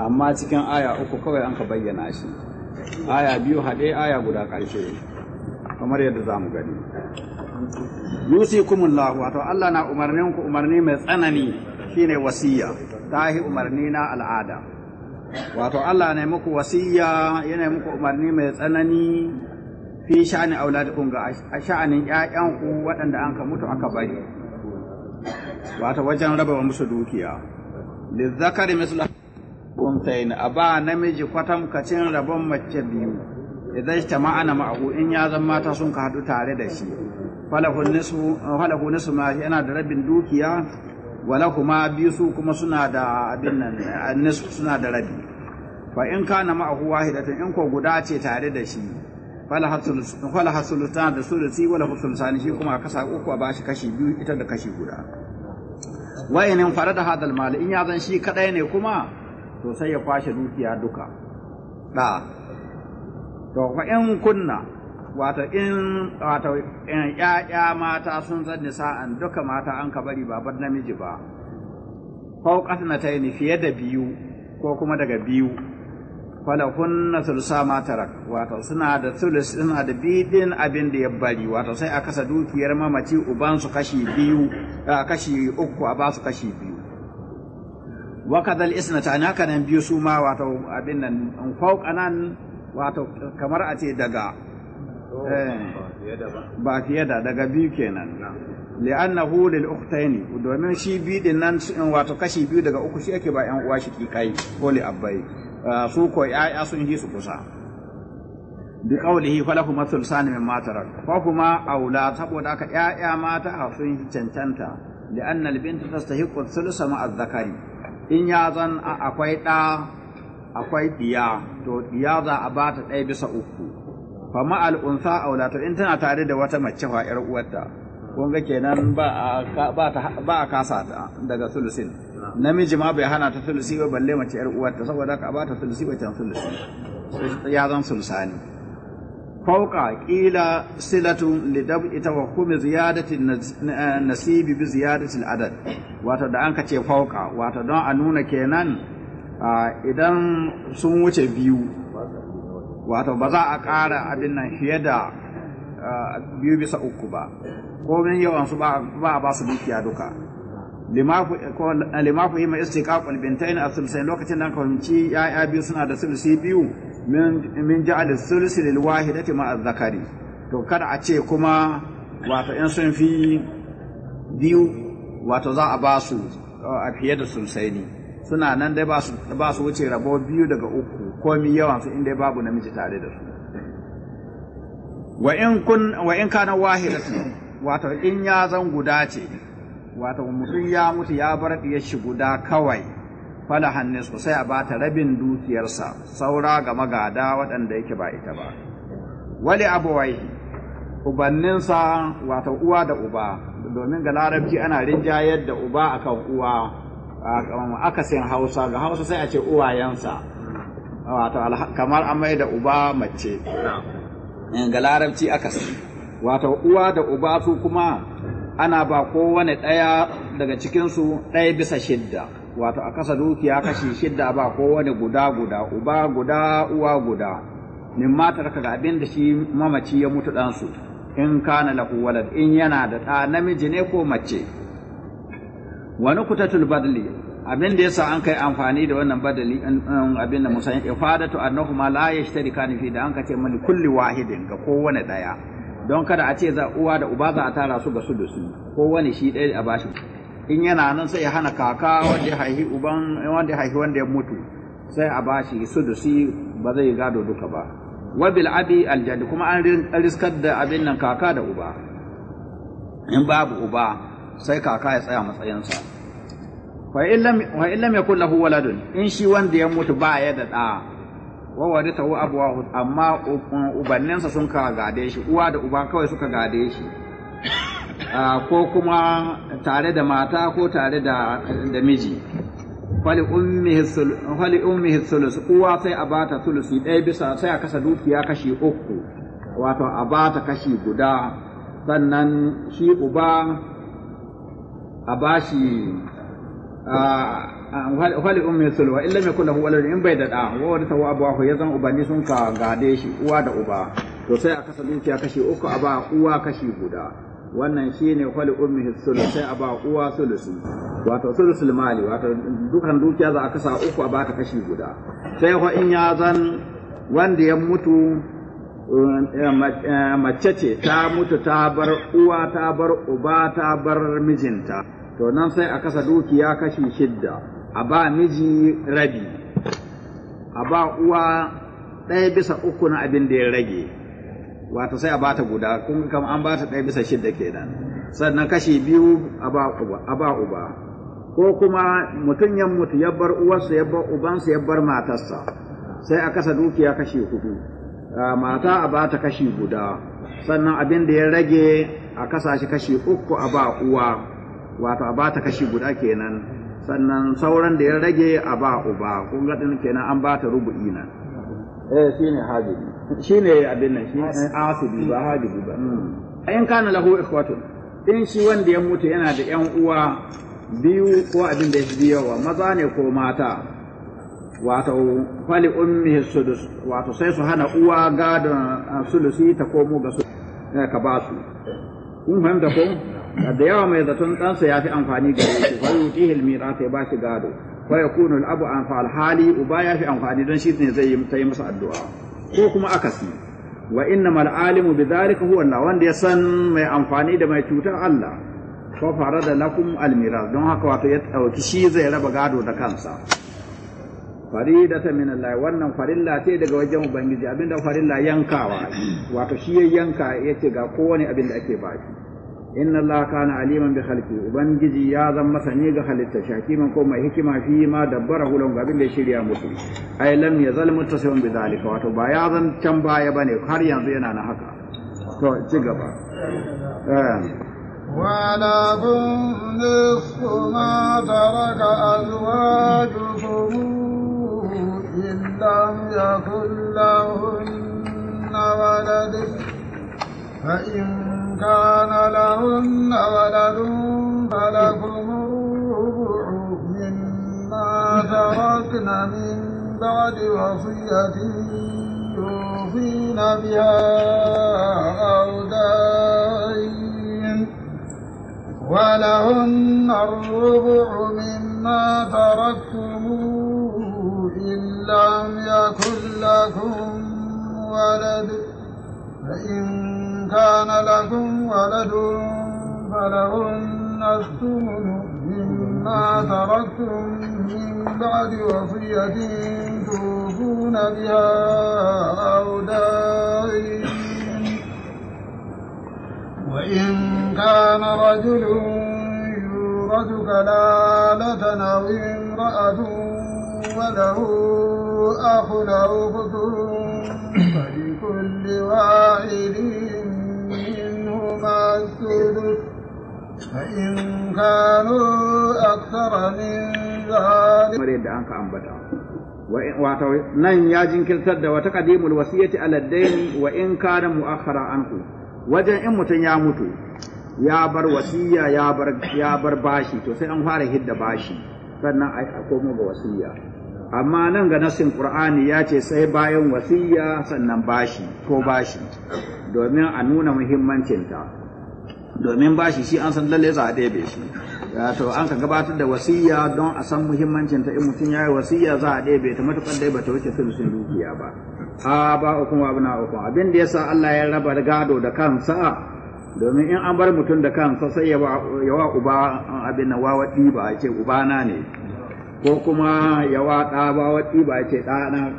amma cikin aya uku kawai an ka bayyana shi aya biyu haɗe aya guda ƙarshe kamar yadda za mu gani lahu. wato Allah na umarnin ku umarni mai tsanani shine wasiya tahi umarni na al'ada wato Allah ne muku wasiya yana muku umarni mai tsanani fi sha'ani auladikum ga sha'anin ƴaƴan ku waɗanda an ka mutu aka bari wato wajen raba wa musu dukiya lizzakari mislu unsayin a ba namiji kacin rabon mace biyu idan jama'a na ma'ahu in ya zama mata sun ka haɗu tare da shi falahu nisfu ma yana da rabin dukiya wala kuma biyu su kuma suna da abin nan nisfu suna da rabi fa in kana ma'ahu wahidatan in ko guda ce tare da shi falaha sultan da sulusi wala sani shi kuma kasa uku a bashi kashi biyu ita da kashi guda wayanin farada hadal mal in ya zan shi kadai ne kuma to sai ya kwashe dukiya duka da to fa in kunna wato in wato ‘ya'ya mata sun zanni sa'an duka mata an ka bari babar namiji ba, fauƙat na ta yi fiye da biyu ko kuma daga biyu, falakun na sulusa matarak, wato suna da sulus suna da bidin abin da ya bari, wato sai a kasa dukiyar mamaci ubansu kashi biyu, a kashi uku a basu kashi biyu. wakadal ta haka nan biyu su ma wato abin nan fauƙanan wato kamar a ce daga Eh. ba fiye da daga biyu kenan li'annahu hulil uktaini domin shi biyu din nan wato kashi biyu daga uku shi ake ba yan uwa shi kikai ko li abbai eh, su ko ya'ya sun yi su kusa bi hi falahu mathul sani min matarak fa kuma aula saboda aka ya'ya mata sun cancanta li'anna al ta tastahiqu thulutha ma az-zakari in ya zan akwai da akwai diya to diya za a bata ɗaya bisa uku fa al'unsa a unsa in tana tare da wata mace fa yar uwarta kun kenan ba a ba kasa daga sulusin namiji ma bai hana ta sulusi ba balle mace yar uwarta saboda ka ba ta sulusi ba can sulusi ya zan sulusani فوق قيل صلة لدفع توهم nasibi bi بزيادة العدد wato da an ka ce fauka wato don a nuna kenan idan sun wuce biyu wato ba za a ƙara abin nan fiye da biyu bisa uku ba komin yawan su ba a ba su dukiya duka limafu ku isti kakul istiqaqul bintain a sulsai lokacin da kawanci ya'ya biyu suna da sulsi biyu min ja'al sulsi lil wahidati ma zakari to kada a ce kuma wato in sun fi biyu wato za a ba su a fiye da sulsai ne suna nan dai ba su wuce rabo biyu daga uku komi yawan su inda babu namiji tare da su wa in kun wa in kana wahidatu wato in ya zan guda ce wato mutum ya mutu ya bar ya shi guda kawai fala hannis sai a bata rabin dukiyarsa saura ga magada waɗanda yake ba ita ba wali abuwai, ubanninsa wato uwa da uba domin ga larabci ana rinjayar da uba akan uwa um, akasin hausa ga hausa sai a ce uwayensa wato kamar an mai da uba mace eh, ga larabci akasi wato uwa da uba su kuma ana ba kowane ɗaya daga cikinsu ɗaya bisa shidda wato a kasa dukiya kashi shidda ba kowane guda guda uba guda uwa guda min mata ga abin da shi mamaci ya mutu ɗansu in kana lahu walad in yana da ɗa namiji ne ko mace wani kutatul badli abin da yasa an kai amfani da wannan badali abin da musayin ifadatu annahuma la ni fi da an kace mali kulli wahidin ga kowane daya don kada a ce za uwa da uba za a tara su ga su da su kowane shi ɗaya a bashi in yana nan sai ya hana kaka wanda ya haihi uban wanda ya haihi wanda ya mutu sai a bashi su da su ba zai gado duka ba wa bil abi aljad kuma an riskar da abin nan kaka da uba in babu uba sai kaka ya tsaya matsayinsa wa illam yakun lahu waladun in shi wanda ya mutu ba ya da da wa warithahu abuwahu amma ubanninsa sun ka gade shi uwa da uba kawai suka gade shi *coughs* ko kuma tare da mata ko tare da da miji fali ummihi sulus uwa sai a bata sulusi ɗaya bisa sai a kasa dukiya kashi uku wato a bata kashi guda sannan shi uba a bashi fali ah, ah, ummi sulwa in mai kula lahu in bai da wani tawo abuwa abahu ya zan ubani sun ka gade shi uwa da uba to sai a kasa dukiya kashi uku a ba uwa kashi guda wannan shi ne fali ummi sulwa sai a ba uwa sulusi wato sulusul mali wato dukan dukiya za a kasa uku a bata kashi guda sai ko in ya zan wanda ya mutu eh, eh, mace ce ta mutu ta bar uwa ta bar uba ta bar mijinta to nan sai a kasa dukiya kashi shidda a ba miji rabi a ba uwa ɗaya bisa uku na abin da ya rage wata sai a bata guda kun kam an bata ɗaya bisa shidda kenan sannan kashi biyu a ba uba ko kuma mutum ya mutu ya bar uwarsa ya bar ubansa ya bar matarsa sai a kasa dukiya kashi hudu mata a bata kashi guda sannan abin da ya rage a kasa shi kashi uku a ba uwa wato a bata kashi guda kenan sannan sauran da ya rage a ba uba kun ga din kenan an bata rubu nan eh shine hadibi shine abin nan shi asibi ba bi ba hmm. in kana lahu ikhwatun in shi wanda ya mutu yana da yan uwa biyu ko abin da ya fi yawa maza ne ko mata wato fali ummi sudus wato sai su hana uwa gadon ah, sulusi ta komo ga su eh, ka ba su kun fahimta ko da yawa mai zaton ɗansa ya fi amfani da shi fa yutihi almirasa ya bashi gado fa yakunu al-abu an fa al uba ya fi amfani don shi ne zai yi masa addu'a ko kuma akasi wa innama al-alimu bidhalika huwa Allah wanda ya san mai amfani da mai cutar Allah fa da lakum al-miras don haka wato ya dauki shi zai raba gado da kansa ta min Allah wannan farilla ce daga wajen ubangiji abinda farilla yankawa wato shi ya yanka yace ga kowane abin da ake baki. inna Allah kana aliman bi khalqi ubangiji ya zan masani ga halitta shakiman ko mai hikima fi ma dabbara hulun ga abin da shirya musu ai lam yazal muttasim bi zalika wato ba ya zan can baya bane har yanzu yana na haka to ci gaba ولكم نصف ما ترك أزواجكم إن لم يكن لهن ولد فإن كان لهن ولد فلكم الربع مما تركن من بعد وصية يوصين بها أو دين ولهن الربع مما تركتم إن لم يكن لكم ولد فإن كان لكم ولد فلهن الثمن مما تركتم من بعد وصية توفون بها أو وإن كان رجل يورث كلالة أو امرأة وله أخ أخت فلكل واحد ما السدس فإن كانوا أكثر من ذلك مريد عنك أنبتا wato nan ya jinkirtar da wata kadimul wasiyati ala daini wa in kana mu'akhkhara anhu wajen in mutum ya mutu ya bar wasiya ya bar bashi to sai an fara hidda bashi sannan a komo ga wasiya amma nan ga nasin qur'ani ya ce sai bayan wasiyya sannan bashi ko bashi domin a nuna muhimmancinta domin ba shi shi an san lalle za a ɗebe shi to an ka gabatar da wasiya don a san muhimmancinta in mutum ya yi wasiya za a ɗebe ta matuƙar dai ba ta wuce sun dukiya ba a ba uku abu na uku abin da yasa Allah ya raba gado da kansa domin in an bar mutum da kansa sai ya wa uba abin na wawa ɗiba ya ce ubana ne ko kuma ya wa ɗa wawa ɗiba ya ce ɗana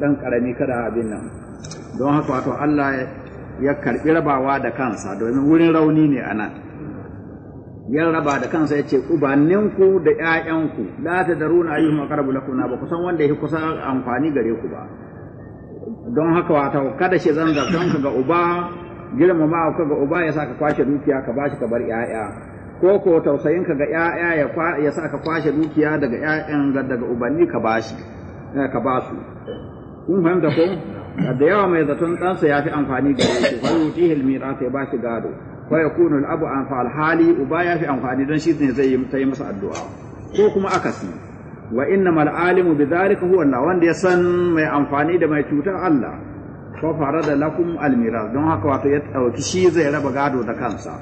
ɗan ƙarami kada abin nan don haka wato Allah ya karɓi rabawa da kansa domin wurin rauni ne a nan ya raba da kansa ya ce ubanninku da 'ya'yanku la ta daruna ayyuhum aqrabu lakum na ba kusan wanda yake kusa amfani gare ku ba don haka wata kada shi zan ka ga uba ma ka ga uba ya sa ka kwashe dukiya ka bashi ka bar ƴaƴa ko ko tausayin ka ga ƴaƴa ya sa ka kwashe dukiya daga ƴaƴan daga ubanni ka basu eh, kun fahimta ko da yawa mai zaton ɗansa ya fi amfani da shi fa yutihi al-miras ba shi gado wa yakunu al-abu an fa uba ya fi amfani don shi ne zai yi masa addu'a ko kuma akasi wa innamal alimu bidhalika huwa Allah wanda ya san mai amfani da mai cuta Allah fa farada lakum almira don haka wato ya ɗauki shi zai raba gado da kansa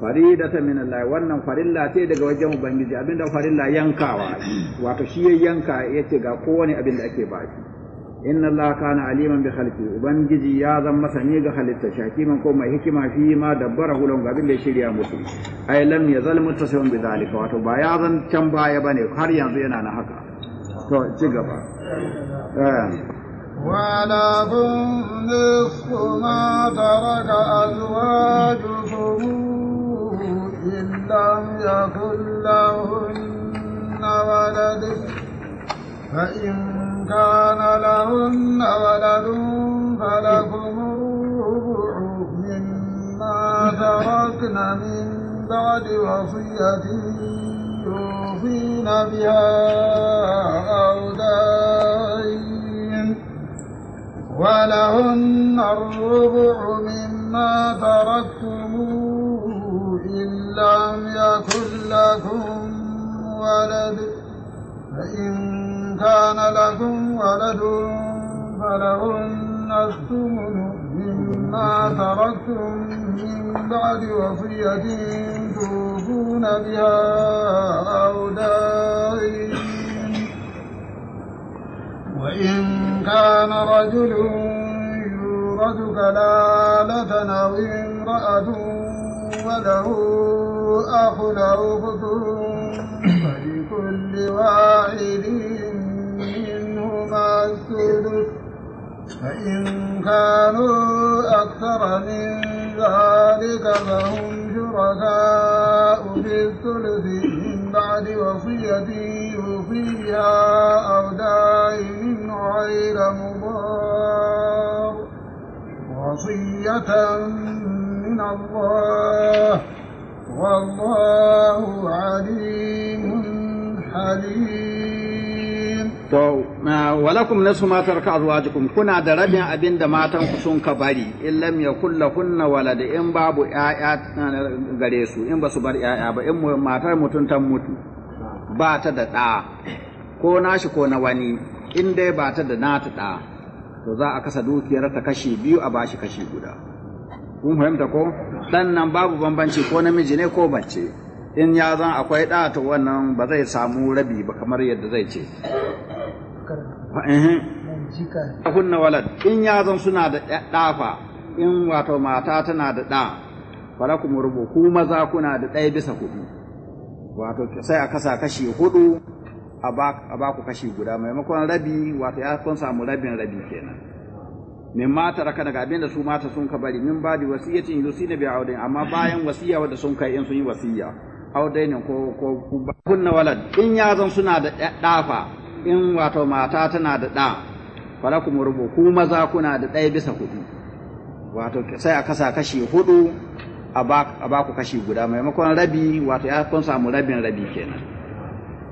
faridata min Allah wannan farilla ce daga wajen ubangiji abinda farilla yankawa wato shi ya yanka yace ga kowane abin da ake baki inna Allah kana aliman bi khalqi ubangiji ya zan masani ga halitta shakiman ko mai hikima fi ma dabbara hulun ga abin da shirya musu ai lam yazal muttasim bi zalika wato ba ya zan can baya bane har yanzu yana na haka to ci gaba ولكم نصف ما ترك أزواجكم إن لم يكن لهن ولد فإن كان لهن ولد فلكم الربع مما تركن من بعد وصية يوصين بها أو دين ولهن الربع مما تركتم إن لم يكن لكم ولد فإن كان لكم ولد فلهن الثمن مما تركتم من بعد وصية توفون بها أو وإن كان رجل يورد كلالة أو امرأة وله أخ أخت فلكل واحد مع فإن كانوا أكثر من ذلك فهم شركاء في الثلث من بعد وصية يوصي بها أو دائم غير مضار وصية من الله والله عليم حليم walakum nasu ma tarka azwajukum kuna da rabin abin da matan ku sun ka bari in lam yakul lahunna walad in babu yaya gare su in ba su bar yaya ba in matar mutun tan mutu ba ta da da ko nashi ko na wani in dai ba ta da nata da to za a kasa dukiyar ta kashi biyu a bashi kashi guda kun fahimta ko dan nan babu bambanci ko namiji ne ko mace in ya zan akwai da ta wannan ba zai samu rabi ba kamar yadda zai ce kunna walad in ya zan suna da ɗafa in wato mata tana da ɗa falakum rubo ku maza kuna da ɗaya bisa hudu wato sai a kasa kashi hudu a ba ku kashi guda maimakon rabi wato ya kun samu rabin rabi kenan min mata raka daga abin da su mata sun ka bari min badi wasiyatin yusina bi audin amma bayan wasiyya wanda sun kai in sun yi wasiya audainin ko ko kunna walad in ya zan suna da ɗafa in wato mata tana da ɗa falakum rubu ku maza kuna da ɗaya bisa hudu wato sai a kasa kashi hudu a baku kashi guda maimakon rabi wato ya kun samu rabin rabi kenan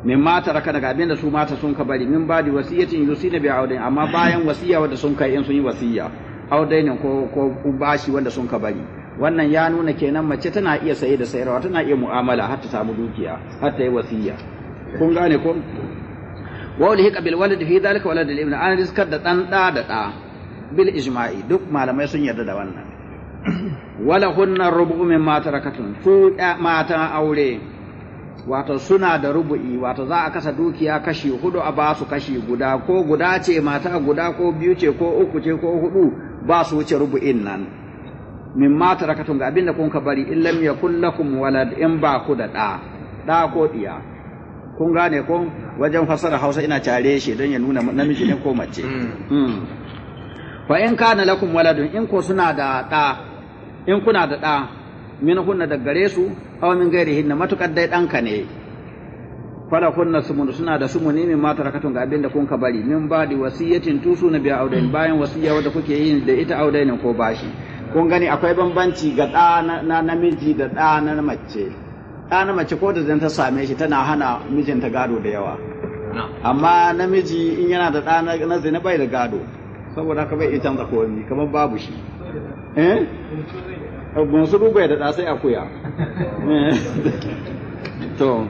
min mata raka daga abin da su mata sun ka bari min badi wasiyatin na biya audain amma bayan wasiya wanda sun kai in sun yi wasiya audainin ko ko bashi wanda sun ka bari wannan ya nuna kenan mace tana iya saye da sayarwa tana iya mu'amala har ta samu dukiya har ta yi wasiya kun gane ko wa hika bil walidi fi dalika walidi ibn an rizkar da dan da da da bil ijma'i duk malamai sun yarda da wannan *clears throat* wala hunna min ma tarakatun su mata aure wato suna da rubu'i wato za a kasa dukiya kashi hudu a ba su kashi guda ko guda ce mata guda ko biyu ce ko uku ce ko hudu ba su wuce rubu'in nan min ma tarakatun ga abinda kun ka bari in lam yakun lakum walad in ba ku da da da ko diya kun gane ko wajen fassara hausa ina tare shi don ya nuna namiji ne ko mace mm. Mm. fa in kana lakum waladun in ko suna da da in kuna da da min kunna da gare su aw min gairi hinna matukar dai danka ne fala kunna sumun suna da sumuni min mata rakatun ga abinda kun ka bari min ba di wasiyatin tusu na biya audain bayan wasiya wadda kuke yin da ita audainin ko bashi kun gani akwai bambanci ga da na namiji da da na mace ɗana mace ko da ta same shi tana hana mijinta gado da yawa amma namiji in yana da ɗan na zai na bai da gado saboda ka bai iya canza komi kamar babu shi eh gunsu rubai da ɗa sai akuya eh. *laughs* to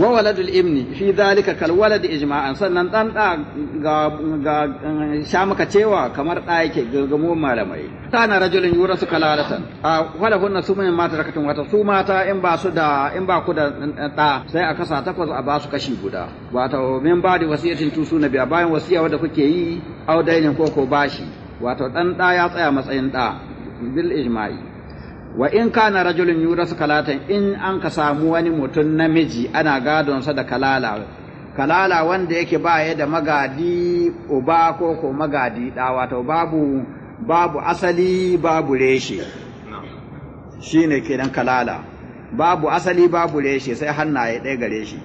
wa waladul ibni fi dalika kal walad ijma'an sannan dan da ga ga sha muka cewa kamar da yake gagamo malamai kana rajulun yurasu kalalatan a wala hunna su min mata rakatun wata su mata in ba su da in ba ku da da sai a kasa takwas a ba su kashi guda wato min ba da wasiyatin tusuna biya bayan wasiya wanda kuke yi audainin ko ko bashi wato dan da ya tsaya matsayin da bil ijma'i wa in kana rajulun yurasu kalatan in an ka samu wani mutum namiji ana gadon gadonsa da kalala kalala wanda yake ba ya da magadi uba ko ko magadi da wato babu babu asali babu reshe shine kenan kalala babu asali babu reshe sai hannaye ɗaya gare shi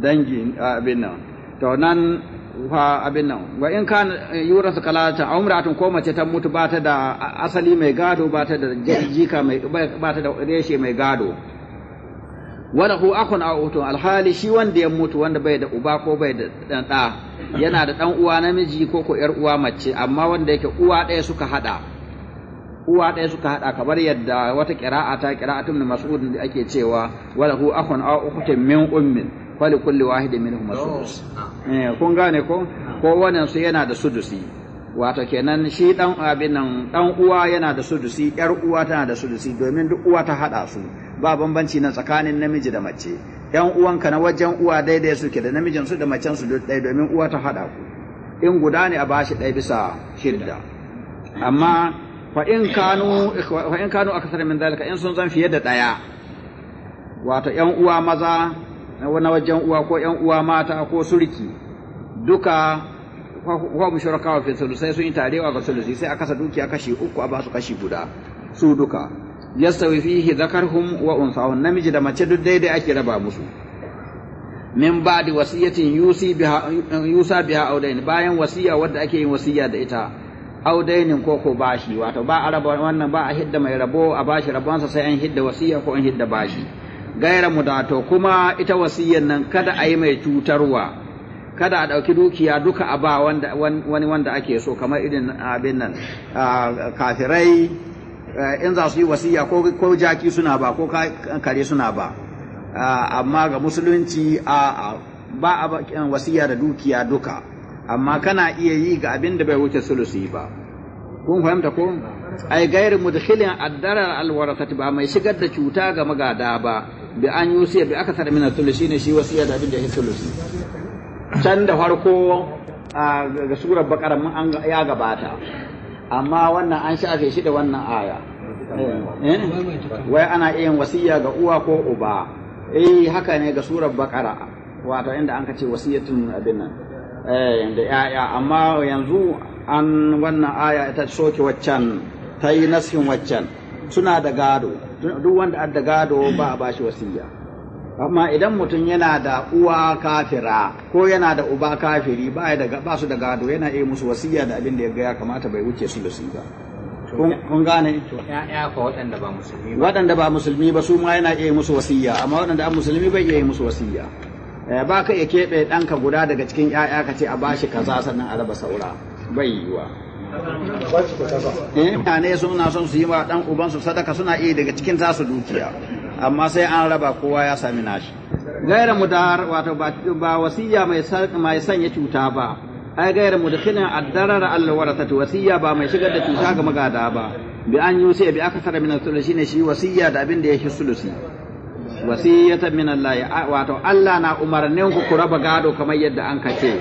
dangi abin nan to nan fa abin nan wa in kana eh, su kalata a umratun ko mace ta mutu ba ta da asali mai gado ba ta da jika mai ba ta da reshe mai gado wala hu akun a utun alhali shi wanda ya mutu wanda bai da uba ko bai da dan da yana da dan uwa namiji ko ko yar uwa mace amma wanda yake uwa ɗaya suka hada uwa ɗaya suka hada kamar yadda wata qira'a ta qira'atun mas'ud da ake cewa wala hu akun a min ummin fali kulli wahidin minhum sudus oh. eh kun gane ko ko wannan su yana da sudusi wato kenan shi dan abin nan dan uwa yana da sudusi yar uwa tana da sudusi domin duk uwa ta hada su ba bambanci na tsakanin namiji da mace yan uwanka na wajen uwa daidai suke da namijin su da macen su duk domin uwa ta hada ku in guda ne a bashi ɗaya bisa shidda amma fa in kanu fa in kanu akasar min zalika in sun zan fiye da ɗaya wato yan uwa maza na wajen uwa ko ‘yan uwa mata ko surki duka wa mu shuraka wa fil sai sun yi tarewa ga sulusi sai aka sa dukiya kashi uku a su kashi guda su duka yastawi fihi zakarhum wa unsahum namiji da mace duk daidai ake raba musu min ba'di wasiyatin yusi biha yusa biha audain bayan wasiya wadda ake yin wasiya da ita audainin ko ko bashi wato ba a raba wannan ba a hidda mai rabo a bashi rabonsa sai an hidda wasiya ko an hidda bashi gaira mudato kuma ita wasiyyan nan kada a yi mai cutarwa kada a ɗauki dukiya duka a ba wani wanda ake so kamar irin abin nan kafirai in za su yi wasiya ko jaki suna ba ko kare suna ba amma ga musulunci ba a wasiya da dukiya duka amma kana iya yi ga abin da bai wuce sulusi ba kun fahimta ko ai a mudkhilin addarar alwarasati ba mai shigar da cuta ga magada ba bi an yusiya bi akthar min thulusi ne shi wasiya da abin da yake thulusi can da farko ga surar bakara mun an ya gabata amma wannan an shafe shi da wannan aya eh, eh? wai ana iya wasiya ga uwa ko uba eh haka ne ga surar bakara wato inda an kace wasiyatun abin nan eh da yaya amma yanzu an wannan aya ta soke waccan ta yi nasin waccan suna da gado duk wanda an da gado ba a bashi wasiya amma idan mutum yana da uwa kafira ko yana da uba kafiri ba da ba su da gado yana iya musu wasiya da abin da ya ga ya kamata bai wuce su da su ba kun gane ƴaƴa ko waɗanda ba musulmi ba waɗanda ba musulmi ba su ma yana iya musu wasiya amma waɗanda an musulmi bai iya musu wasiya eh, ba ka iya keɓe ɗanka guda daga cikin yaya ka ce a bashi kaza sannan a raba saura bai yiwa Eh, mutane suna son su yi wa dan ubansu sadaka suna iya daga cikin tasu dukiya amma sai an raba kowa ya sami nashi gaira mudar wato ba wasiya mai sanya cuta ba ai gaira mudkhilin addarar ta wasiya ba mai shigar da cuta ga magada ba bi an yusi bi aka tara min sulusi ne shi wasiya da abin da ya yake sulusi ta min Allah wato Allah na umarninku ku raba gado kamar yadda an kace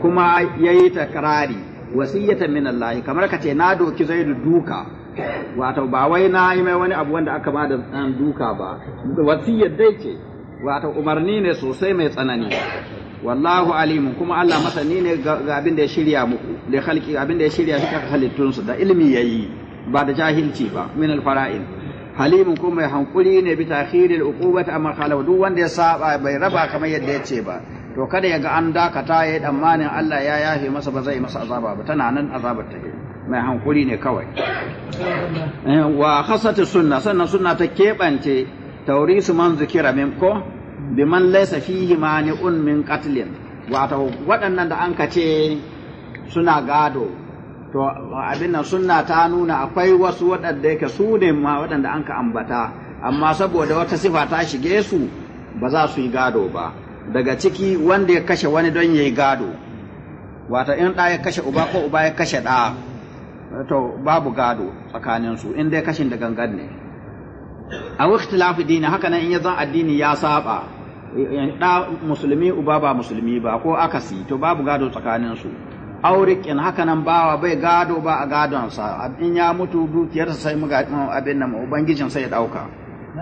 kuma yayi takrari wasiyatan min Allah kamar ka ce na doki zaidu duka wato ba wai na yi mai wani abu wanda aka ba da um, duka ba wasiyar dai ce wato umarni ne sosai mai tsanani wallahu alimu kuma Allah masani ne ga abin da ya shirya muku da halki abin da ya shirya shi ka su da ilmi yayi ba da jahilci ba min alfara'in halimun kuma mai hankuli ne bi takhiril uqubati amma khalaw duk wanda ya saba bai raba kamar yadda ya ce ba to kada ya ga an dakata ya yi tsammanin Allah ya yafe masa ba zai masa azaba ba tana nan azabar ta mai hankuri ne kawai eh, wa khasati sunna sannan sunna ta keɓance taurisu man zikira min ko bi man laysa fihi mani'un min qatlin wato waɗannan da an kace suna gado to abin nan sunna ta nuna akwai wasu waɗanda yake su ne ma waɗanda an ka ambata amma saboda wata sifa ta shige su ba za su yi gado ba daga ciki wanda ya kashe wani don ya yi gado wata in ɗa ya kashe uba ko uba ya kashe ɗa to babu gado tsakaninsu in dai kashin da gangan ne a ikhtilafu dini haka nan in ya zan addini ya saba eh, ɗa musulmi uba ba musulmi ba ko akasi to babu gado tsakaninsu aurikin haka nan bawa bai gado ba a gadonsa in ya mutu dukiyarsa sai abin nan ubangijin sai ya ɗauka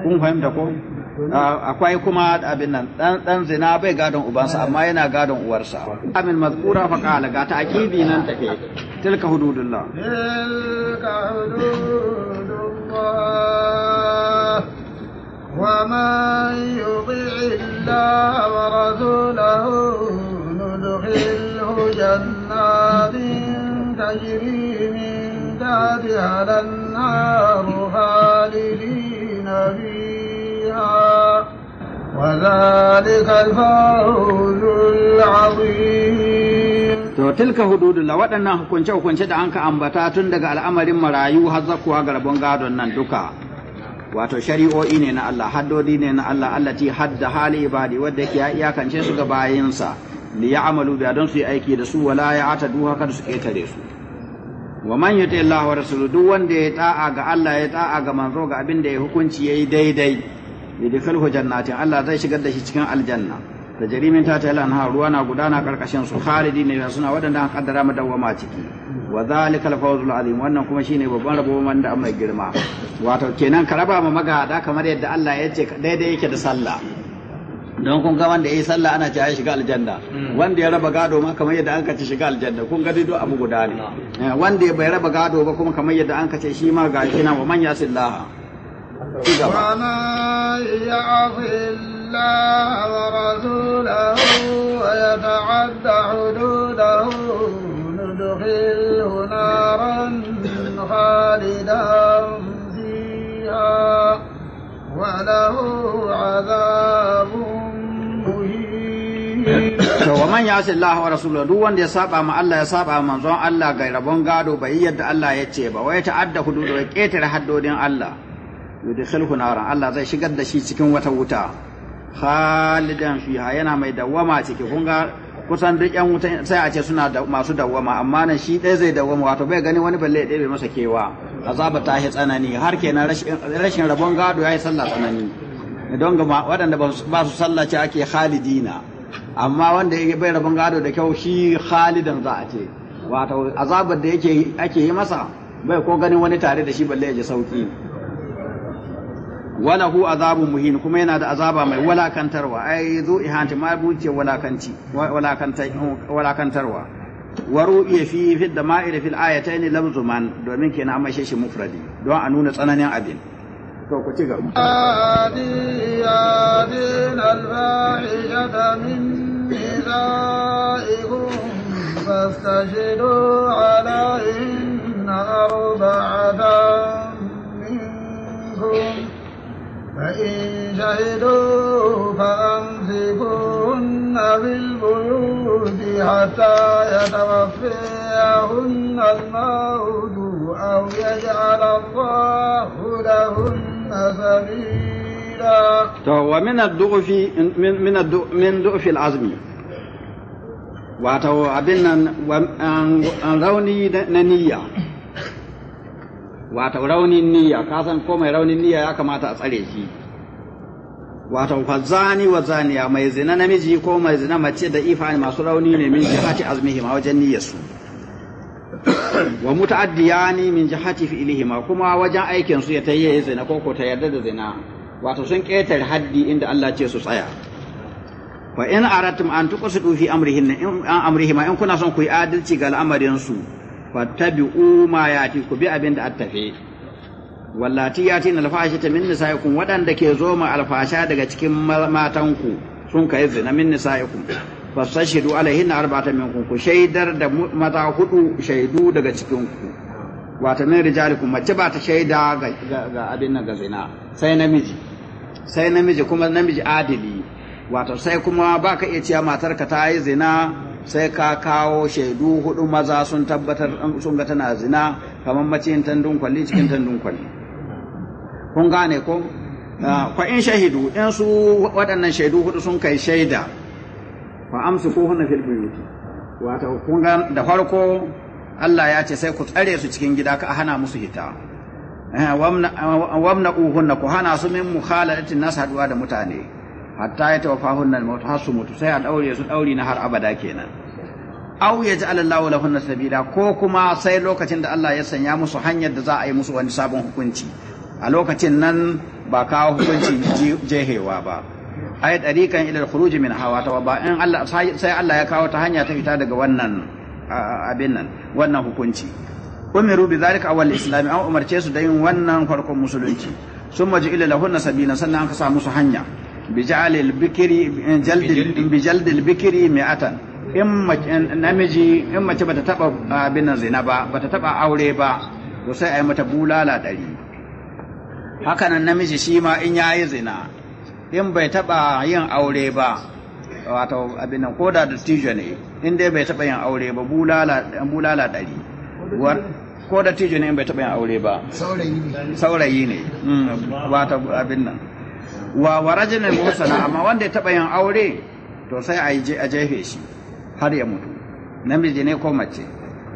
kun fahimta ko Ah, akwai kuma abin nan dan dan zina bai gadon ubansa ah. amma yana gadon uwarsa amin mazkura fa qala ga ta akibi nan take tilka hududullah tilka hududullah wa man yuti illa wa rasulahu nudkhilhu jannatin tajri min tahtiha al-anhar khalidina fiha بها وذلك الفوز العظيم to tilka waɗannan hukunce hukunce da anka ambata tun daga al'amarin marayu har zakuwa garban gadon nan duka wato shari'o'i ne na Allah haddodi ne na Allah allati hadda hali ibadi wadda yake ya iyakance su ga bayinsa ya amalu bi don su yi aiki da su wala ya duha kada su ketare su wa man yuti Allah wa rasulu duk wanda ya ta'a ga Allah ya ta'a ga manzo ga abin da ya hukunci yayi daidai yudkhilhu jannatin Allah zai shigar da shi cikin aljanna da jarimin ta tayi na ruwa na gudana karkashin su khalidi ne suna wadanda an kaddara mu dawama ciki wa zalika al-fawzul azim wannan kuma shine babban rabo wanda an mai girma wato kenan ka raba ma magada kamar yadda Allah ya ce daidai yake da sallah don kun ga wanda yayi sallah ana cewa ya shiga aljanna wanda ya raba gado ma kamar yadda an kace shiga aljanna kun ga dai abu guda ne eh, wanda bai raba gado ba kuma kamar yadda an kace shi ma ga kina wa man yasillaha ومن يعص الله ورسوله ويتعد حدوده ندخله نارا خالدا فيها وله عذاب to wa man yasi Allah wa rasulahu duk wanda ya saba ma Allah ya saba manzon Allah ga rabon gado bai yadda Allah ya ce ba wai ta'adda hududu ya ketare haddodin Allah yudkhilhu naran Allah zai shigar da shi cikin wata wuta khalidan fiha yana mai dawwama ciki kun ga kusan duk yan wuta sai a ce suna da masu dawwama amma nan shi ɗaya zai dawwama wato bai gani wani balle dai bai masa kewa azaba ta yi tsanani har kenan rashin rabon gado ya yi sallah tsanani don ga waɗanda ba su sallah ce ake khalidina amma wanda bai rabon gado da kyau shi khalidan za a ce wato azabar da yake ake yi masa bai ko ganin wani tare da shi balle ya ji sauki walahu azabun muhin kuma yana da azaba mai walakantarwa ai zo ihanti ma buce walakanci walakantarwa wa ru'iya fi fi dama'ir fil ayatayn lamzuman domin kenan an mashe shi mufradi don a nuna tsananin abin to ku ci gaba adin al min nisaikum fastashidu alayhin arba'atan minkum فإن شهدوا فأمسكوهن بالبيوت حتى يتوفيهن الموت أو يجعل الله لهن سبيلا. طيب، ومن الدغف من من من دغف العزم واتو abin ان rauni نانيا wato raunin niyya ka san ko mai raunin niyya ya kamata a tsare shi wato fa zani wa zaniya mai zina namiji ko mai zina mace da ifa masu rauni ne min jihati azmihi ma wajen niyyarsu wa muta'addiyani min jihati ma kuma wajen aikin su ya tayyaye zina ko ko ta yarda da zina wato sun ƙetare haddi inda Allah ce su tsaya fa in aratum an tuqsidu fi amrihin in ma in kuna son ku yi adalci ga al'amarin su fattabi'u ma yati ku bi abin da attafe wallati yati na ta min nisaikum waɗanda ke zo ma alfasha daga cikin matanku sun kai zina min nisaikum fastashidu alaihinna arba'atan minkum ku shaidar da mata hudu shaidu daga cikin ku wato min rijalikum mace ba ta shaida ga abin nan ga zina sai namiji sai namiji kuma namiji adili wato sai kuma baka iya cewa matarka ta yi zina sai ka kawo shaidu hudu maza sun tabbatar sun ga tana zina kamar mace tandun dunkwali cikin tandun dunkwali kun gane ko ko ah, in shahidu in su waɗannan shaidu hudu sun kai shaida fa amsu ko hunna fil buyuti wato kun ga da farko Allah ya ce sai ku tsare su cikin gida ka hana musu hita eh, wamna uhunna ku hana su min muhalalatin nas haduwa da mutane hatta ya tawafa al-maut har su mutu sai a daure su dauri na har abada kenan aw yaj'al Allahu lahunna sabila ko kuma sai lokacin da Allah ya sanya musu hanyar da za a yi musu wani sabon hukunci a lokacin nan ba kawo hukunci jehewa ba ay dariqan ila al-khuruj min hawa ta ba in Allah sai Allah ya kawo ta hanya ta fita daga wannan abin nan wannan hukunci umiru bi zalika awal islami an umarce su da yin wannan farkon musulunci sun maji ila lahunna sabila sannan an ka sa musu hanya bijalil bikiri bijaldil bikiri mi'atan in namiji in mace bata taba abin nan zina ba ta taba aure ba to sai ai mata bulala ɗari haka nan namiji shi ma in yayi zina in bai taba yin aure ba wato abin nan ko da tijo ne in dai bai taba yin aure ba bulala bulala ɗari ko da tijo in bai taba yin aure ba saurayi ne saurayi ne wato abin nan wa warajin musana amma wanda ya taba yin aure to sai a jefe shi har ya mutu namiji ne ko mace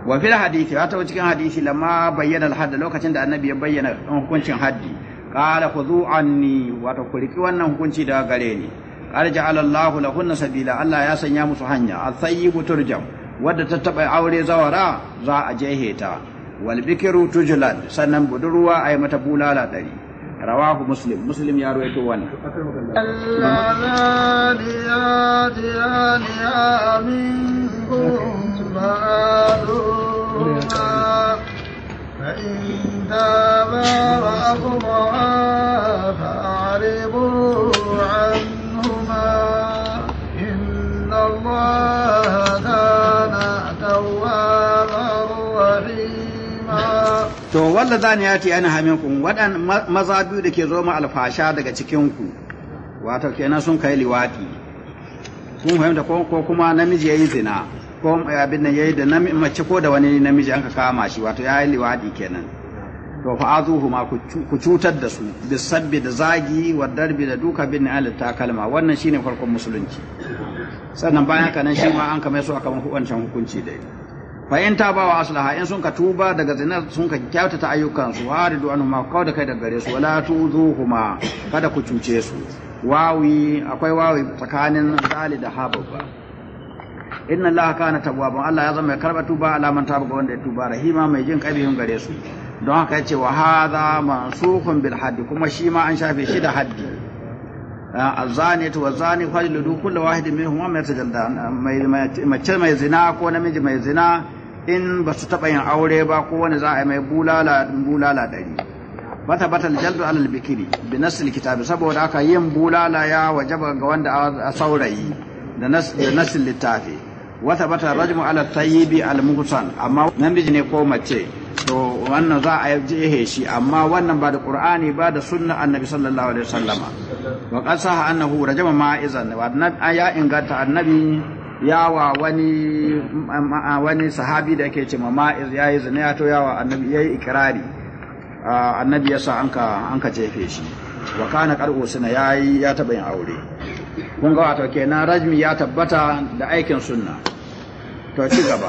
wa fil hadisi wata cikin hadisi lamma bayyana al-hadd lokacin da annabi ya bayyana hukuncin haddi qala khudhu anni wato ku riki wannan hukunci da gare ni qala ja'ala Allahu lahunna sabila Allah ya sanya musu hanya at-tayyibu turjam wadda ta taba aure zawara za a jehe ta wal bikru tujlad sannan budurwa ay mata bulala dari rawahu muslim muslim ya ruwaito wannan اللذانيات يانيا منكم فآلونا فإن تابا وأخضعا فأعرضوا to wanda walla zani yati ana ku wadan maza biyu da ke zo ma alfasha daga cikin ku wato kenan sun kai liwati kun fahimta ko kuma namiji yayi zina ko eh, abin nan yayi da mace ko da wani namiji an ka kama shi wato yayi liwati kenan to fa azuhu ma ku cutar da su bi sabbi da zagi wa darbi da duka bin al takalma wannan shine farkon musulunci sannan bayan kanan shi ma an kame su aka hukuncin hukunci dai fa in ta bawa aslaha in sun ka tuba daga zina sun ka kyautata ayyukansu wa ridu anhu ma kawda da kai daga gare su wala tuzuhuma kada ku cuce su wawi akwai wawi tsakanin zali da hababba inna allaha kana tawwaban allah ya zama ya karba tuba ala man taba ga wanda ya tuba rahima mai jin kabihun gare su don haka yace wa hadha mansukhun bil haddi kuma shi ma an shafe shi da haddi azaniyatu wa zani fajlidu kullu wahidin minhum ma yatajalda mace mai zina ko namiji mai zina in ba su taɓa yin aure ba ko wani za a yi mai bulala bulala dari bata bata jaldu alal bikiri bi nasil kitab saboda aka yin bulala ya wajaba ga wanda a saurayi da nasil littafi wata bata rajmu ala tayyibi al muhsan amma namiji ne ko mace to wannan za a yi shi amma wannan ba da qur'ani ba da sunna annabi sallallahu alaihi wasallama wa qasaha annahu rajama ma'izan wa annabi ya inganta annabi yawa wani wani sahabi da yake ce ma'iz yayi zina ya to yawa annabi yayi ikrari annabi yasa anka anka jefe shi wa kana qar'u suna yayi ya taba yin aure kun ga wato kenan rajmi ya tabbata da aikin sunna to ci gaba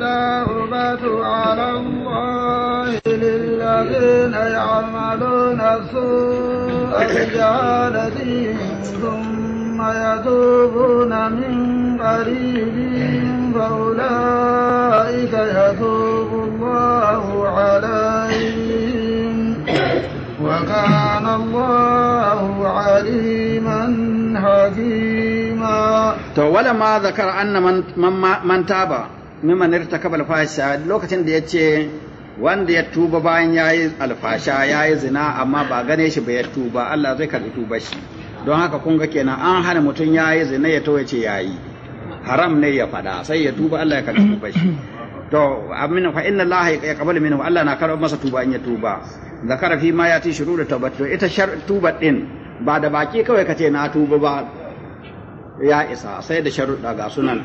Tawbatu ala Allah lillazina ya'maluna su'a bijalatin thumma yatubuna min qaribin fa ulaika yatubu Allahu alaihim wa kana Allahu aliman hakim to wala ma zakar anna man taba mimman irtakaba alfasha lokacin da yace wanda ya tuba bayan yayi alfasha yayi zina amma ba gane shi ba ya tuba Allah zai karbi tuba shi don haka kun ga kenan an hana mutum yayi zina ya to yace yayi haram ne ya fada sai ya tuba Allah ya karbi tuba shi to amina fa inna Allah ya qabala minhu Allah na karɓar masa tuba in ya tuba zakara fi ma yati shuru da tawbat ita shar tuba din ba da baki kawai kace na tuba ba ya isa sai da sharuɗa ga sunan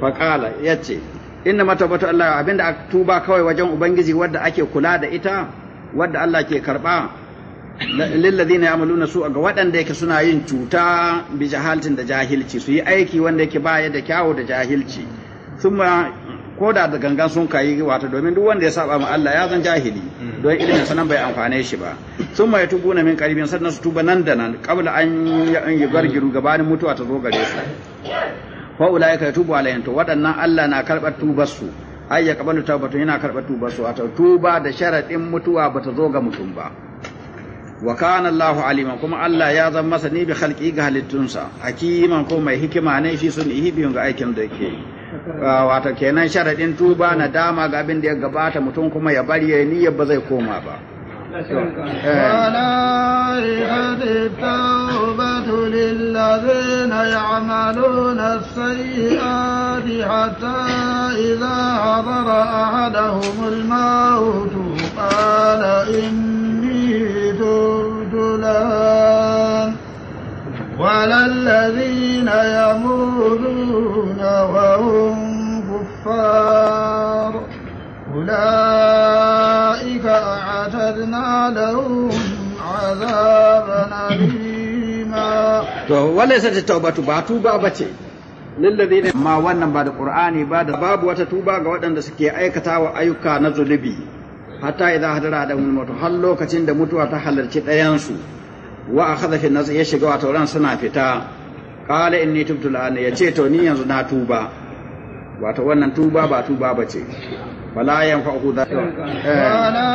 faƙala ya ce inda matabatu Allah abinda a tuba kawai wajen ubangiji wadda ake kula da ita wadda Allah ke karɓa ya ya'maluna su ga waɗanda yake suna yin cuta bi jahaltin da jahilci su yi aiki wanda yake baya da kyawu da jahilci thumma ko da da gangan sun kayi wato domin duk wanda ya saba ma Allah ya zan jahili mm. don ilimin sanan bai amfane shi ba sun mai tubu na min karibin sannan su tuba nan da nan kabla an yi gargiru gabanin mutuwa ta zo gare su fa ka tubu alaihim to waɗannan Allah na karɓar tubar su ai ya kabalu tawbatu yana karɓar tubar su wato tuba da sharadin mutuwa bata zo ga mutum ba wa kana Allahu aliman kuma Allah ya zama ni bi khalqi ga halittunsa hakiman ko mai hikima ne shi sun ihi biyun ga aikin da yake yi Ah, wato kenan sharadin tuba na dama ga abin da ya gabata mutum kuma ya bari ya niyyar ba zai koma ba ولا يحد للذين يعملون السيئات حتى إذا حضر أحدهم الموت قال إني تبت ولا الذين يموتون وهم كفار أولئك أعتدنا لهم عذابا أليما وليست التوبة توبة بتي lillazina ma wannan ba da qur'ani ba da babu wata tuba ga waɗanda suke aikatawa ayyuka na zunubi hatta da mutu lokacin da mutuwa ta halarci ɗayan su wa ya shiga wato suna fita qala inni tubtu al'ana yace to ni yanzu na tuba wato wannan tuba ba tuba bace wala yanfa'u dhalika wala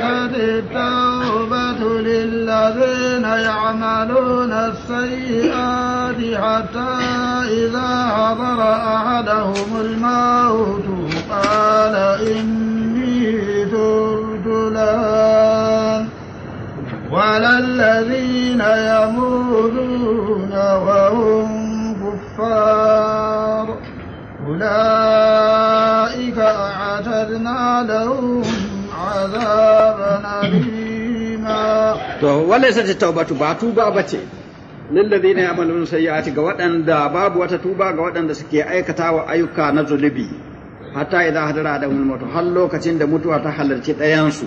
yahdi tawbatu lil ladzina ya'maluna as-sayyi'ati hatta idza hadara ahaduhum al-maut qala inni tubtu وعلى الذين يموتون وهم كفار أولئك أعتدنا لهم عذابا أليما وليست التوبة باتوبة بتي lillazina ya'maluna sayyi'ati ga waɗanda babu wata tuba ga waɗanda suke aikatawa ayyuka na zulubi hatta idza hadara da mutu har lokacin da mutuwa ta halarci ɗayan su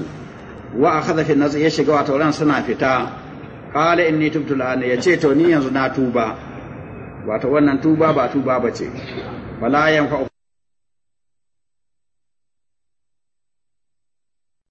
wa akhadha fi nas ya shiga wata ran suna fita qala inni tubtu al ya ce to ni yanzu na tuba wato wannan tuba ba tuba bace yan fa